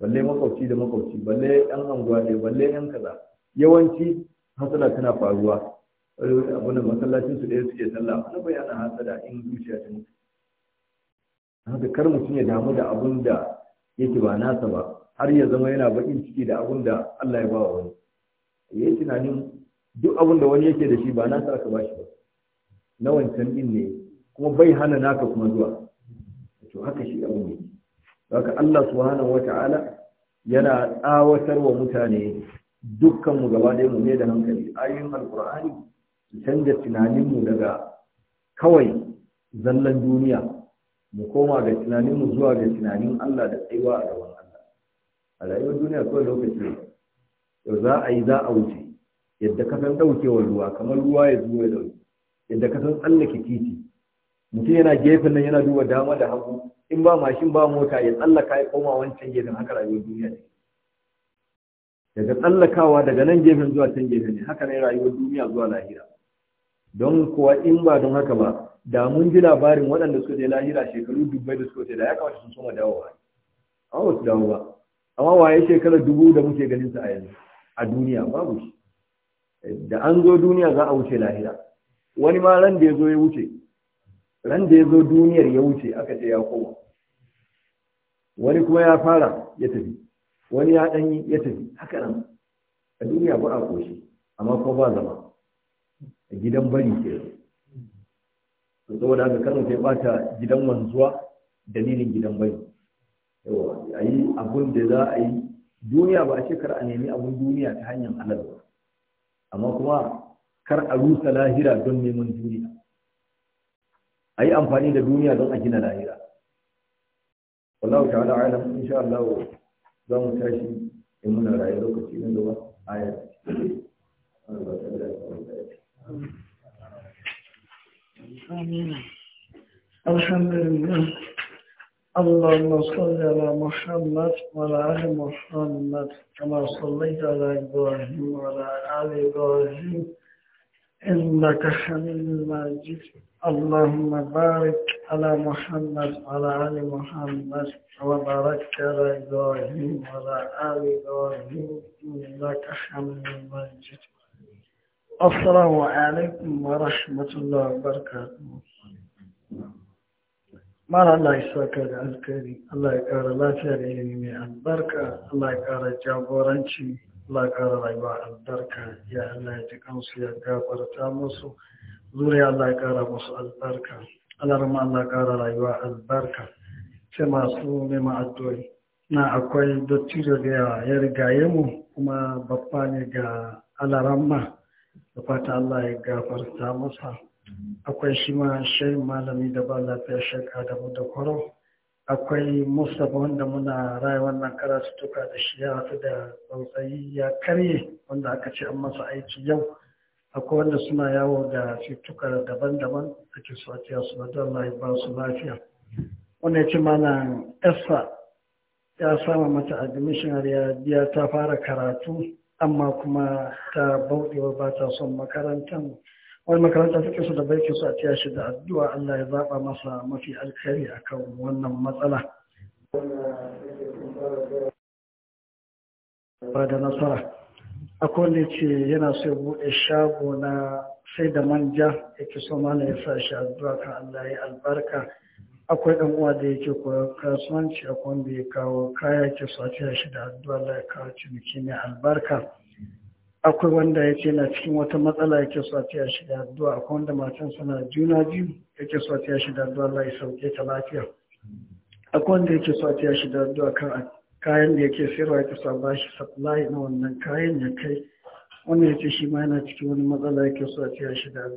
balle makwabci da makwabci balle ɗan anguwa ne balle ɗan kaza yawanci hasada tana faruwa wani abin da masallacin su ɗaya suke sallah wani bai hasa da in zuciya ta mutu haka kar mutum ya damu da abin da yake ba nasa ba har ya zama yana bakin ciki da abin da Allah ya ba wa wani ya yi tunanin duk abin da wani yake da shi ba nasa aka ba shi ba na wancan din ne kuma bai hana naka kuma zuwa to haka shi abin ne haka Allah subhanahu wata'ala yana tsawatar wa mutane dukkan mu gaba ɗaya mu ne da hankali ayoyin alqur'ani canza tunaninmu daga kawai zallan duniya mu koma ga tunaninmu zuwa ga tunanin Allah da tsayuwa a gaban Allah a rayuwar duniya kawai lokaci da za a yi za a wuce yadda ka san daukewar ruwa kamar ruwa ya zuwa ya dauke yadda ka san tsallake titi mutum yana gefen nan yana duba dama da hagu in ba mashin ba mota ya tsallaka ya koma wancan gefen haka rayuwar duniya ne daga tsallakawa daga nan gefen zuwa can gefen ne haka ne rayuwar duniya zuwa lahira don kuwa in ba don haka ba da mun ji labarin waɗanda suka je lahira shekaru dubbai da suka ce da ya kamata sun soma dawowa amma ba su dawo ba amma waye shekarar dubu da muke ganin sa a yanzu a duniya babu shi da an zo duniya za a wuce lahira wani ma ran da ya zo ya wuce ran da ya zo duniyar ya wuce aka ce ya koma wani kuma ya fara ya tafi wani ya ɗanyi ya tafi haka nan a duniya ba a koshi amma kuma ba zama a gidan bari ke to saboda haka kano sai bata gidan wanzuwa dalilin gidan bari yawa a yi abun da za a yi duniya ba a ce kar a nemi abun duniya ta hanyar halal ba amma kuma kar a rusa lahira don neman duniya a yi amfani da duniya don a gina lahira wallahu ta'ala alam insha Allah za mu tashi in muna raye lokaci na gaba ayat Allah ta'ala آمين الحمد لله اللهم صل على محمد وعلى آل محمد كما صليت على إبراهيم وعلى آل إبراهيم إنك حميد مجيد اللهم بارك على محمد وعلى آل محمد وبارك على إبراهيم وعلى آل إبراهيم إنك حميد مجيد Assalamu alaikum wa rahmatullah wa barakatuh. Mara Allah ya saka da alkari, Allah ya ƙara lafiya da ilimi mai albarka, Allah ya ƙara jagoranci, Allah ya ƙara rayuwa albarka, ya Allah ya ji kansu ya gabarta musu, zuri Allah ya ƙara musu albarka, Allah rama Allah ya ƙara rayuwa albarka, sai masu nema addu'ai. Na akwai dottijo da yawa ya yi mu kuma babba ne ga alaramma da fata Allah ya gafarta masa akwai shi ma shayin malami da ba lafiya shaka da da kwaro akwai mustapha wanda muna raya wannan karatutuka da shi ya hafi da tsautsayi ya karye wanda aka ce an masa aiki yau akwai wanda suna yawo da cutuka daban-daban a ke suwatiya su na don layi ba su lafiya wanda ya ce mana esa ya sama mata admission ya biya ta fara karatu amma kuma ta bauɗewa ba ta son makarantar wani makaranta take su da baikin su a tiya shi da addu'a Allah ya zaɓa masa mafi alkhairi akan wannan matsala ba da nasara akwai ne ce yana so ya buɗe shago na sai da manja yake so mana ya sa shi addu'a kan Allah ya albarka akwai ɗan uwa da yake kuwa kasuwanci akwai wanda ya kawo kaya ke sace shi da addu'a Allah ya kawo ciniki mai albarka akwai wanda ya ce na cikin wata matsala yake sace shi da addu'a akwai wanda matan suna juna biyu yake sace shi da addu'a Allah ya sauke ta lafiya akwai wanda yake sace shi da addu'a kan kayan da yake sayarwa yake sa bashi supply na wannan kayan ya kai wanda ya ce shi ma yana cikin wani matsala yake ke a ciya shi da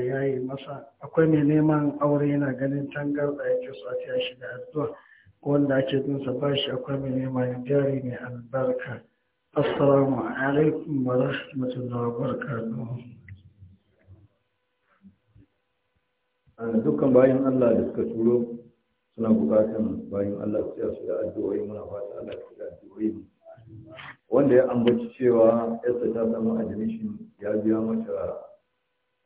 ya yi masa akwai mai neman aure yana ganin tangarɗa yake so a ciya shi da addu'a wanda ake bin sa shi akwai mai neman jari mai albarka assalamu alaikum wa rahmatullahi wa barakatuh dukkan bayan Allah da suka turo suna bukatan bayan Allah su yasu da addu'o'i muna fata Allah su da addu'o'i wanda ya ambaci cewa yasa ta samu admission ya biya mata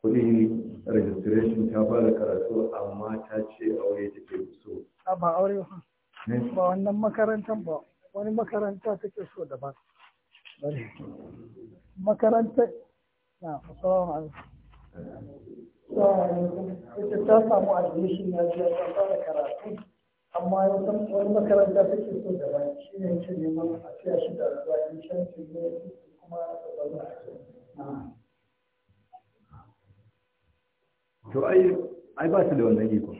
kuɗi registration ta fara karatu amma ta ce aure take so a ba aure ba ba wannan makarantar ba wani makaranta take so da ba. makaranta na assalamu alaikum ita ta samu admission ya biya ta fara karatu amma wani makaranta ta ke so da ba shi ne ce neman a siya shi da rayuwa can su ne kuma da ba za a to ai ai ba su da wannan iko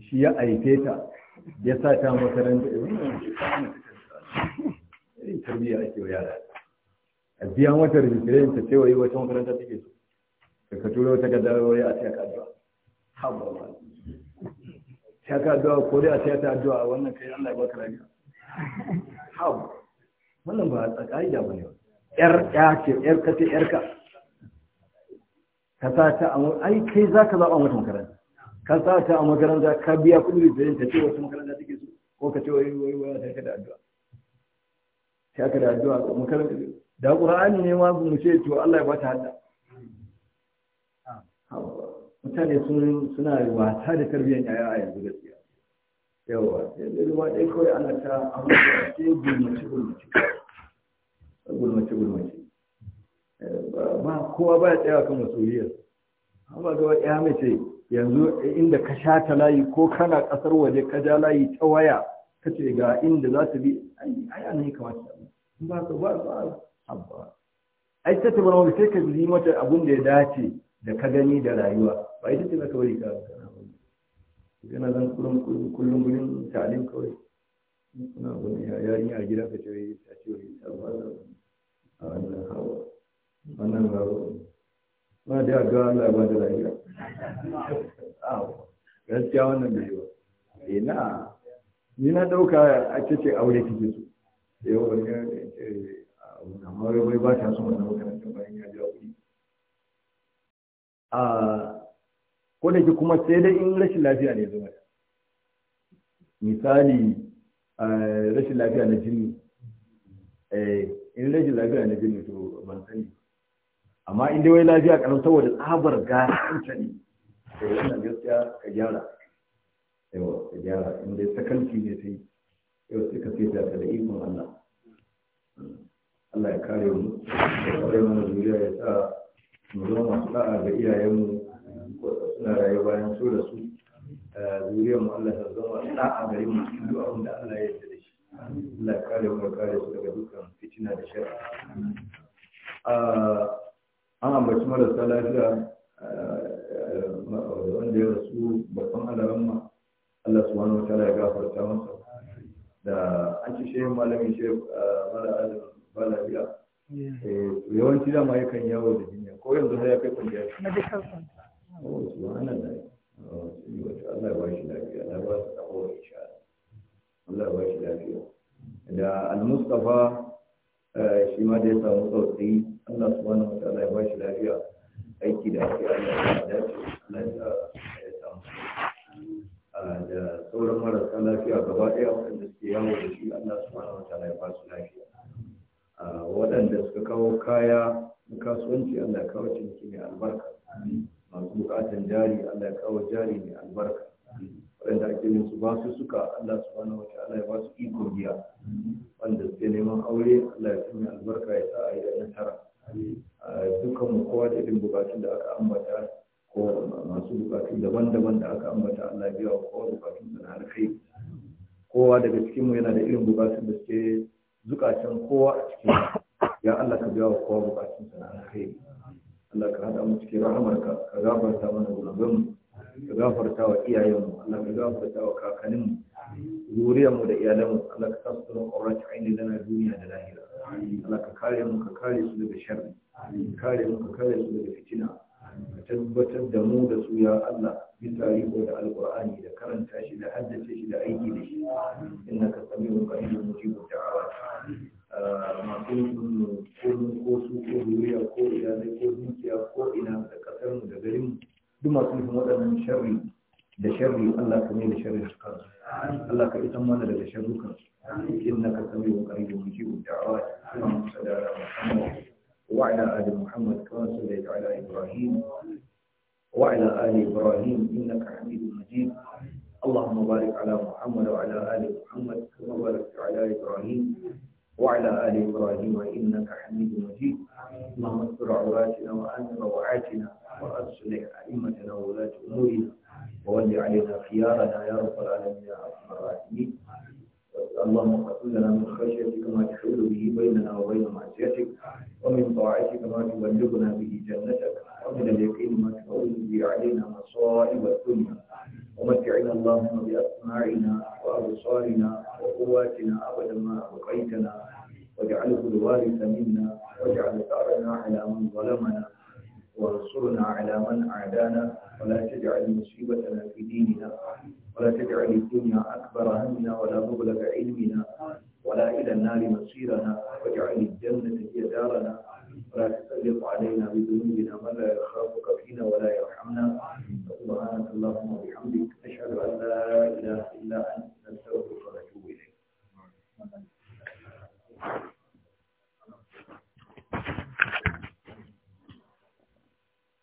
shi ya aike ta ya sa ta makaranta irin tarbiyya ake wa yara a biya wata registration ta ce wa yi wata makaranta take so ka tura wata gadara wai a cikin kasuwa ha ba sai ka addu'a ko da sai ta addu'a wannan kai Allah ya baka lafiya hau wannan ba a da bane yar ya ce yar ka ce yar ka ka sa ta a ai kai zaka zaba mata makaranta ka sa ta a makaranta ka biya kudi da ta ce wata makaranta take so ko ka ce wai wai wai ta ka da addu'a sai da addu'a makaranta da qur'ani ne ma mu ce to Allah ya bata hadda mutane suna wasa da tarbiyyar yaya a yanzu siya yawa sai da ruwa ɗaya kawai ana ta amurka ce gulmace gulmace ba kowa ba ya tsaya kan masoyiyar amma ga wata mai ce yanzu inda ka sha ta layi ko kana ƙasar waje ka ja layi ta waya ka ce ga inda za ta bi ai ana yi kamar ta ba su ba ba ai ta tabbata sai ka yi mata abin da ya dace da ka gani da rayuwa ba ita ce zaka bari ka kana ba yana zan kullum kullum gurin talim kawai kuna ya ni a gida ka ce ta ce wai ta ba a wannan hawa wannan ba ba da ga Allah ba da rayuwa a'a gaskiya wannan bai ba eh na ni na dauka a ce aure kike so yau eh, wani amma eh, wai ba ta so wannan makarantar bayan ya ji kuɗi ko da kuma sai dai in rashin lafiya ne zuwa misali rashin lafiya na jini eh, in rashin lafiya na jini to ban sani amma in dai wai lafiya kanan saboda tsabar gasanta ne to yana gaskiya ka gyara yau ka gyara in dai sakanci ne sai yau sai ka fita ka da ikon Allah Allah ya kare mu ya kare mana zuriya ya sa mu zama masu da'a ga iyayenmu suna rayu bayan su da su zuriyar mu Allah ta zama da'a gare mu cikin duk abin da Allah ya yarda da shi Allah ya kare mu kare su daga dukkan fitina da shari'a an ambaci marasa lafiya eh, wanda ya rasu babban ma Allah su wani wata ya gafarta masa da an ci shayin malamin shef eh, mala alim balabiya Eh, yawanci dama ya kan yawo da jinya ko yanzu har ya kai kwanciya medical fund oh da oh, Allah ya bashi lafiya Allah ya bashi da insha Allah Allah ya bashi lafiya da al-mustafa eh, shi ma da ya samu sauki Allah subhanahu wa ta'ala ya bashi lafiya aiki da ake Allah ya dace Allah ya samu ah, da sauran marasa lafiya gaba ɗaya waɗanda suke yawo da shi Allah subhanahu wa ta'ala ya basu lafiya waɗanda suka kawo kaya na kasuwanci Allah ya kawo ciniki mai albarka masu bukatan jari Allah ya kawo jari mai albarka waɗanda ake yin su ba su suka Allah wata allah ya ba su iko biya wanda suke neman aure Allah ya sanya albarka ya sa a yi tara dukkan mu kowa da irin bukatun da aka ambata ko masu bukatu daban-daban da aka ambata Allah ya biya kowa bukatun da na alkhairi kowa daga cikin mu yana da irin bukatun da suke zukacin kowa a cikin ya Allah ka biya wa kowa bukatun sa na alkhairi Allah ka hada mu cikin rahamarka ka gafarta mana gurbin ka gafarta wa iyayenmu Allah ka gafarta wa zuriyar mu da mu Allah ka tasu da ƙoraci aini na duniya da lahira Allah ka kare mu ka kare su daga sharri kare mu ka kare su daga fitina ka tabbatar da mu da su ya Allah bisa riko da alqur'ani da karanta shi da haddace shi da aiki da shi innaka samiu qaribun mujibu da'awa ah, masu kullum ko su ko duniya ko idanai ko dukiya ko ina da kasar mu da garinmu duk masu yin waɗannan sharri da sharri Allah ka mai da sharri da kansu Allah ka isan mana daga sharrukan innaka samiu qaribun mujibu da'awa Allahumma salli ala Muhammad وعلى آل محمد كما صليت على إبراهيم وعلى آل إبراهيم إنك حميد مجيد اللهم بارك على محمد وعلى آل محمد كما باركت على إبراهيم وعلى آل إبراهيم إنك حميد مجيد اللهم استر عوراتنا وأنت روعاتنا وأصلح أئمتنا وولاة أمورنا وولي علينا خيارنا يا رب العالمين يا أرحم الراحمين اللهم اقسم لنا من خشيتك ما تحول به بيننا وبين معصيتك ومن طاعتك ما تبلغنا به جنتك ومن اليقين ما تحول به علينا مصائب الدنيا ومتعنا اللهم باسماعنا وابصارنا وقواتنا ابدا ما ابقيتنا واجعله الوارث منا واجعل ثارنا على من ظلمنا وانصرنا على من اعدانا ولا تجعل مصيبتنا في ديننا ولا تجعل الدنيا أكبر همنا ولا مبلغ علمنا ولا إلى النار مصيرنا واجعل الجنة هي دارنا ولا تسلط علينا بذنوبنا من لا يخافك فينا ولا يرحمنا سبحانك اللهم وبحمدك أشهد أن لا إله إلا أنت نستغفرك ونتوب إليك Thank you.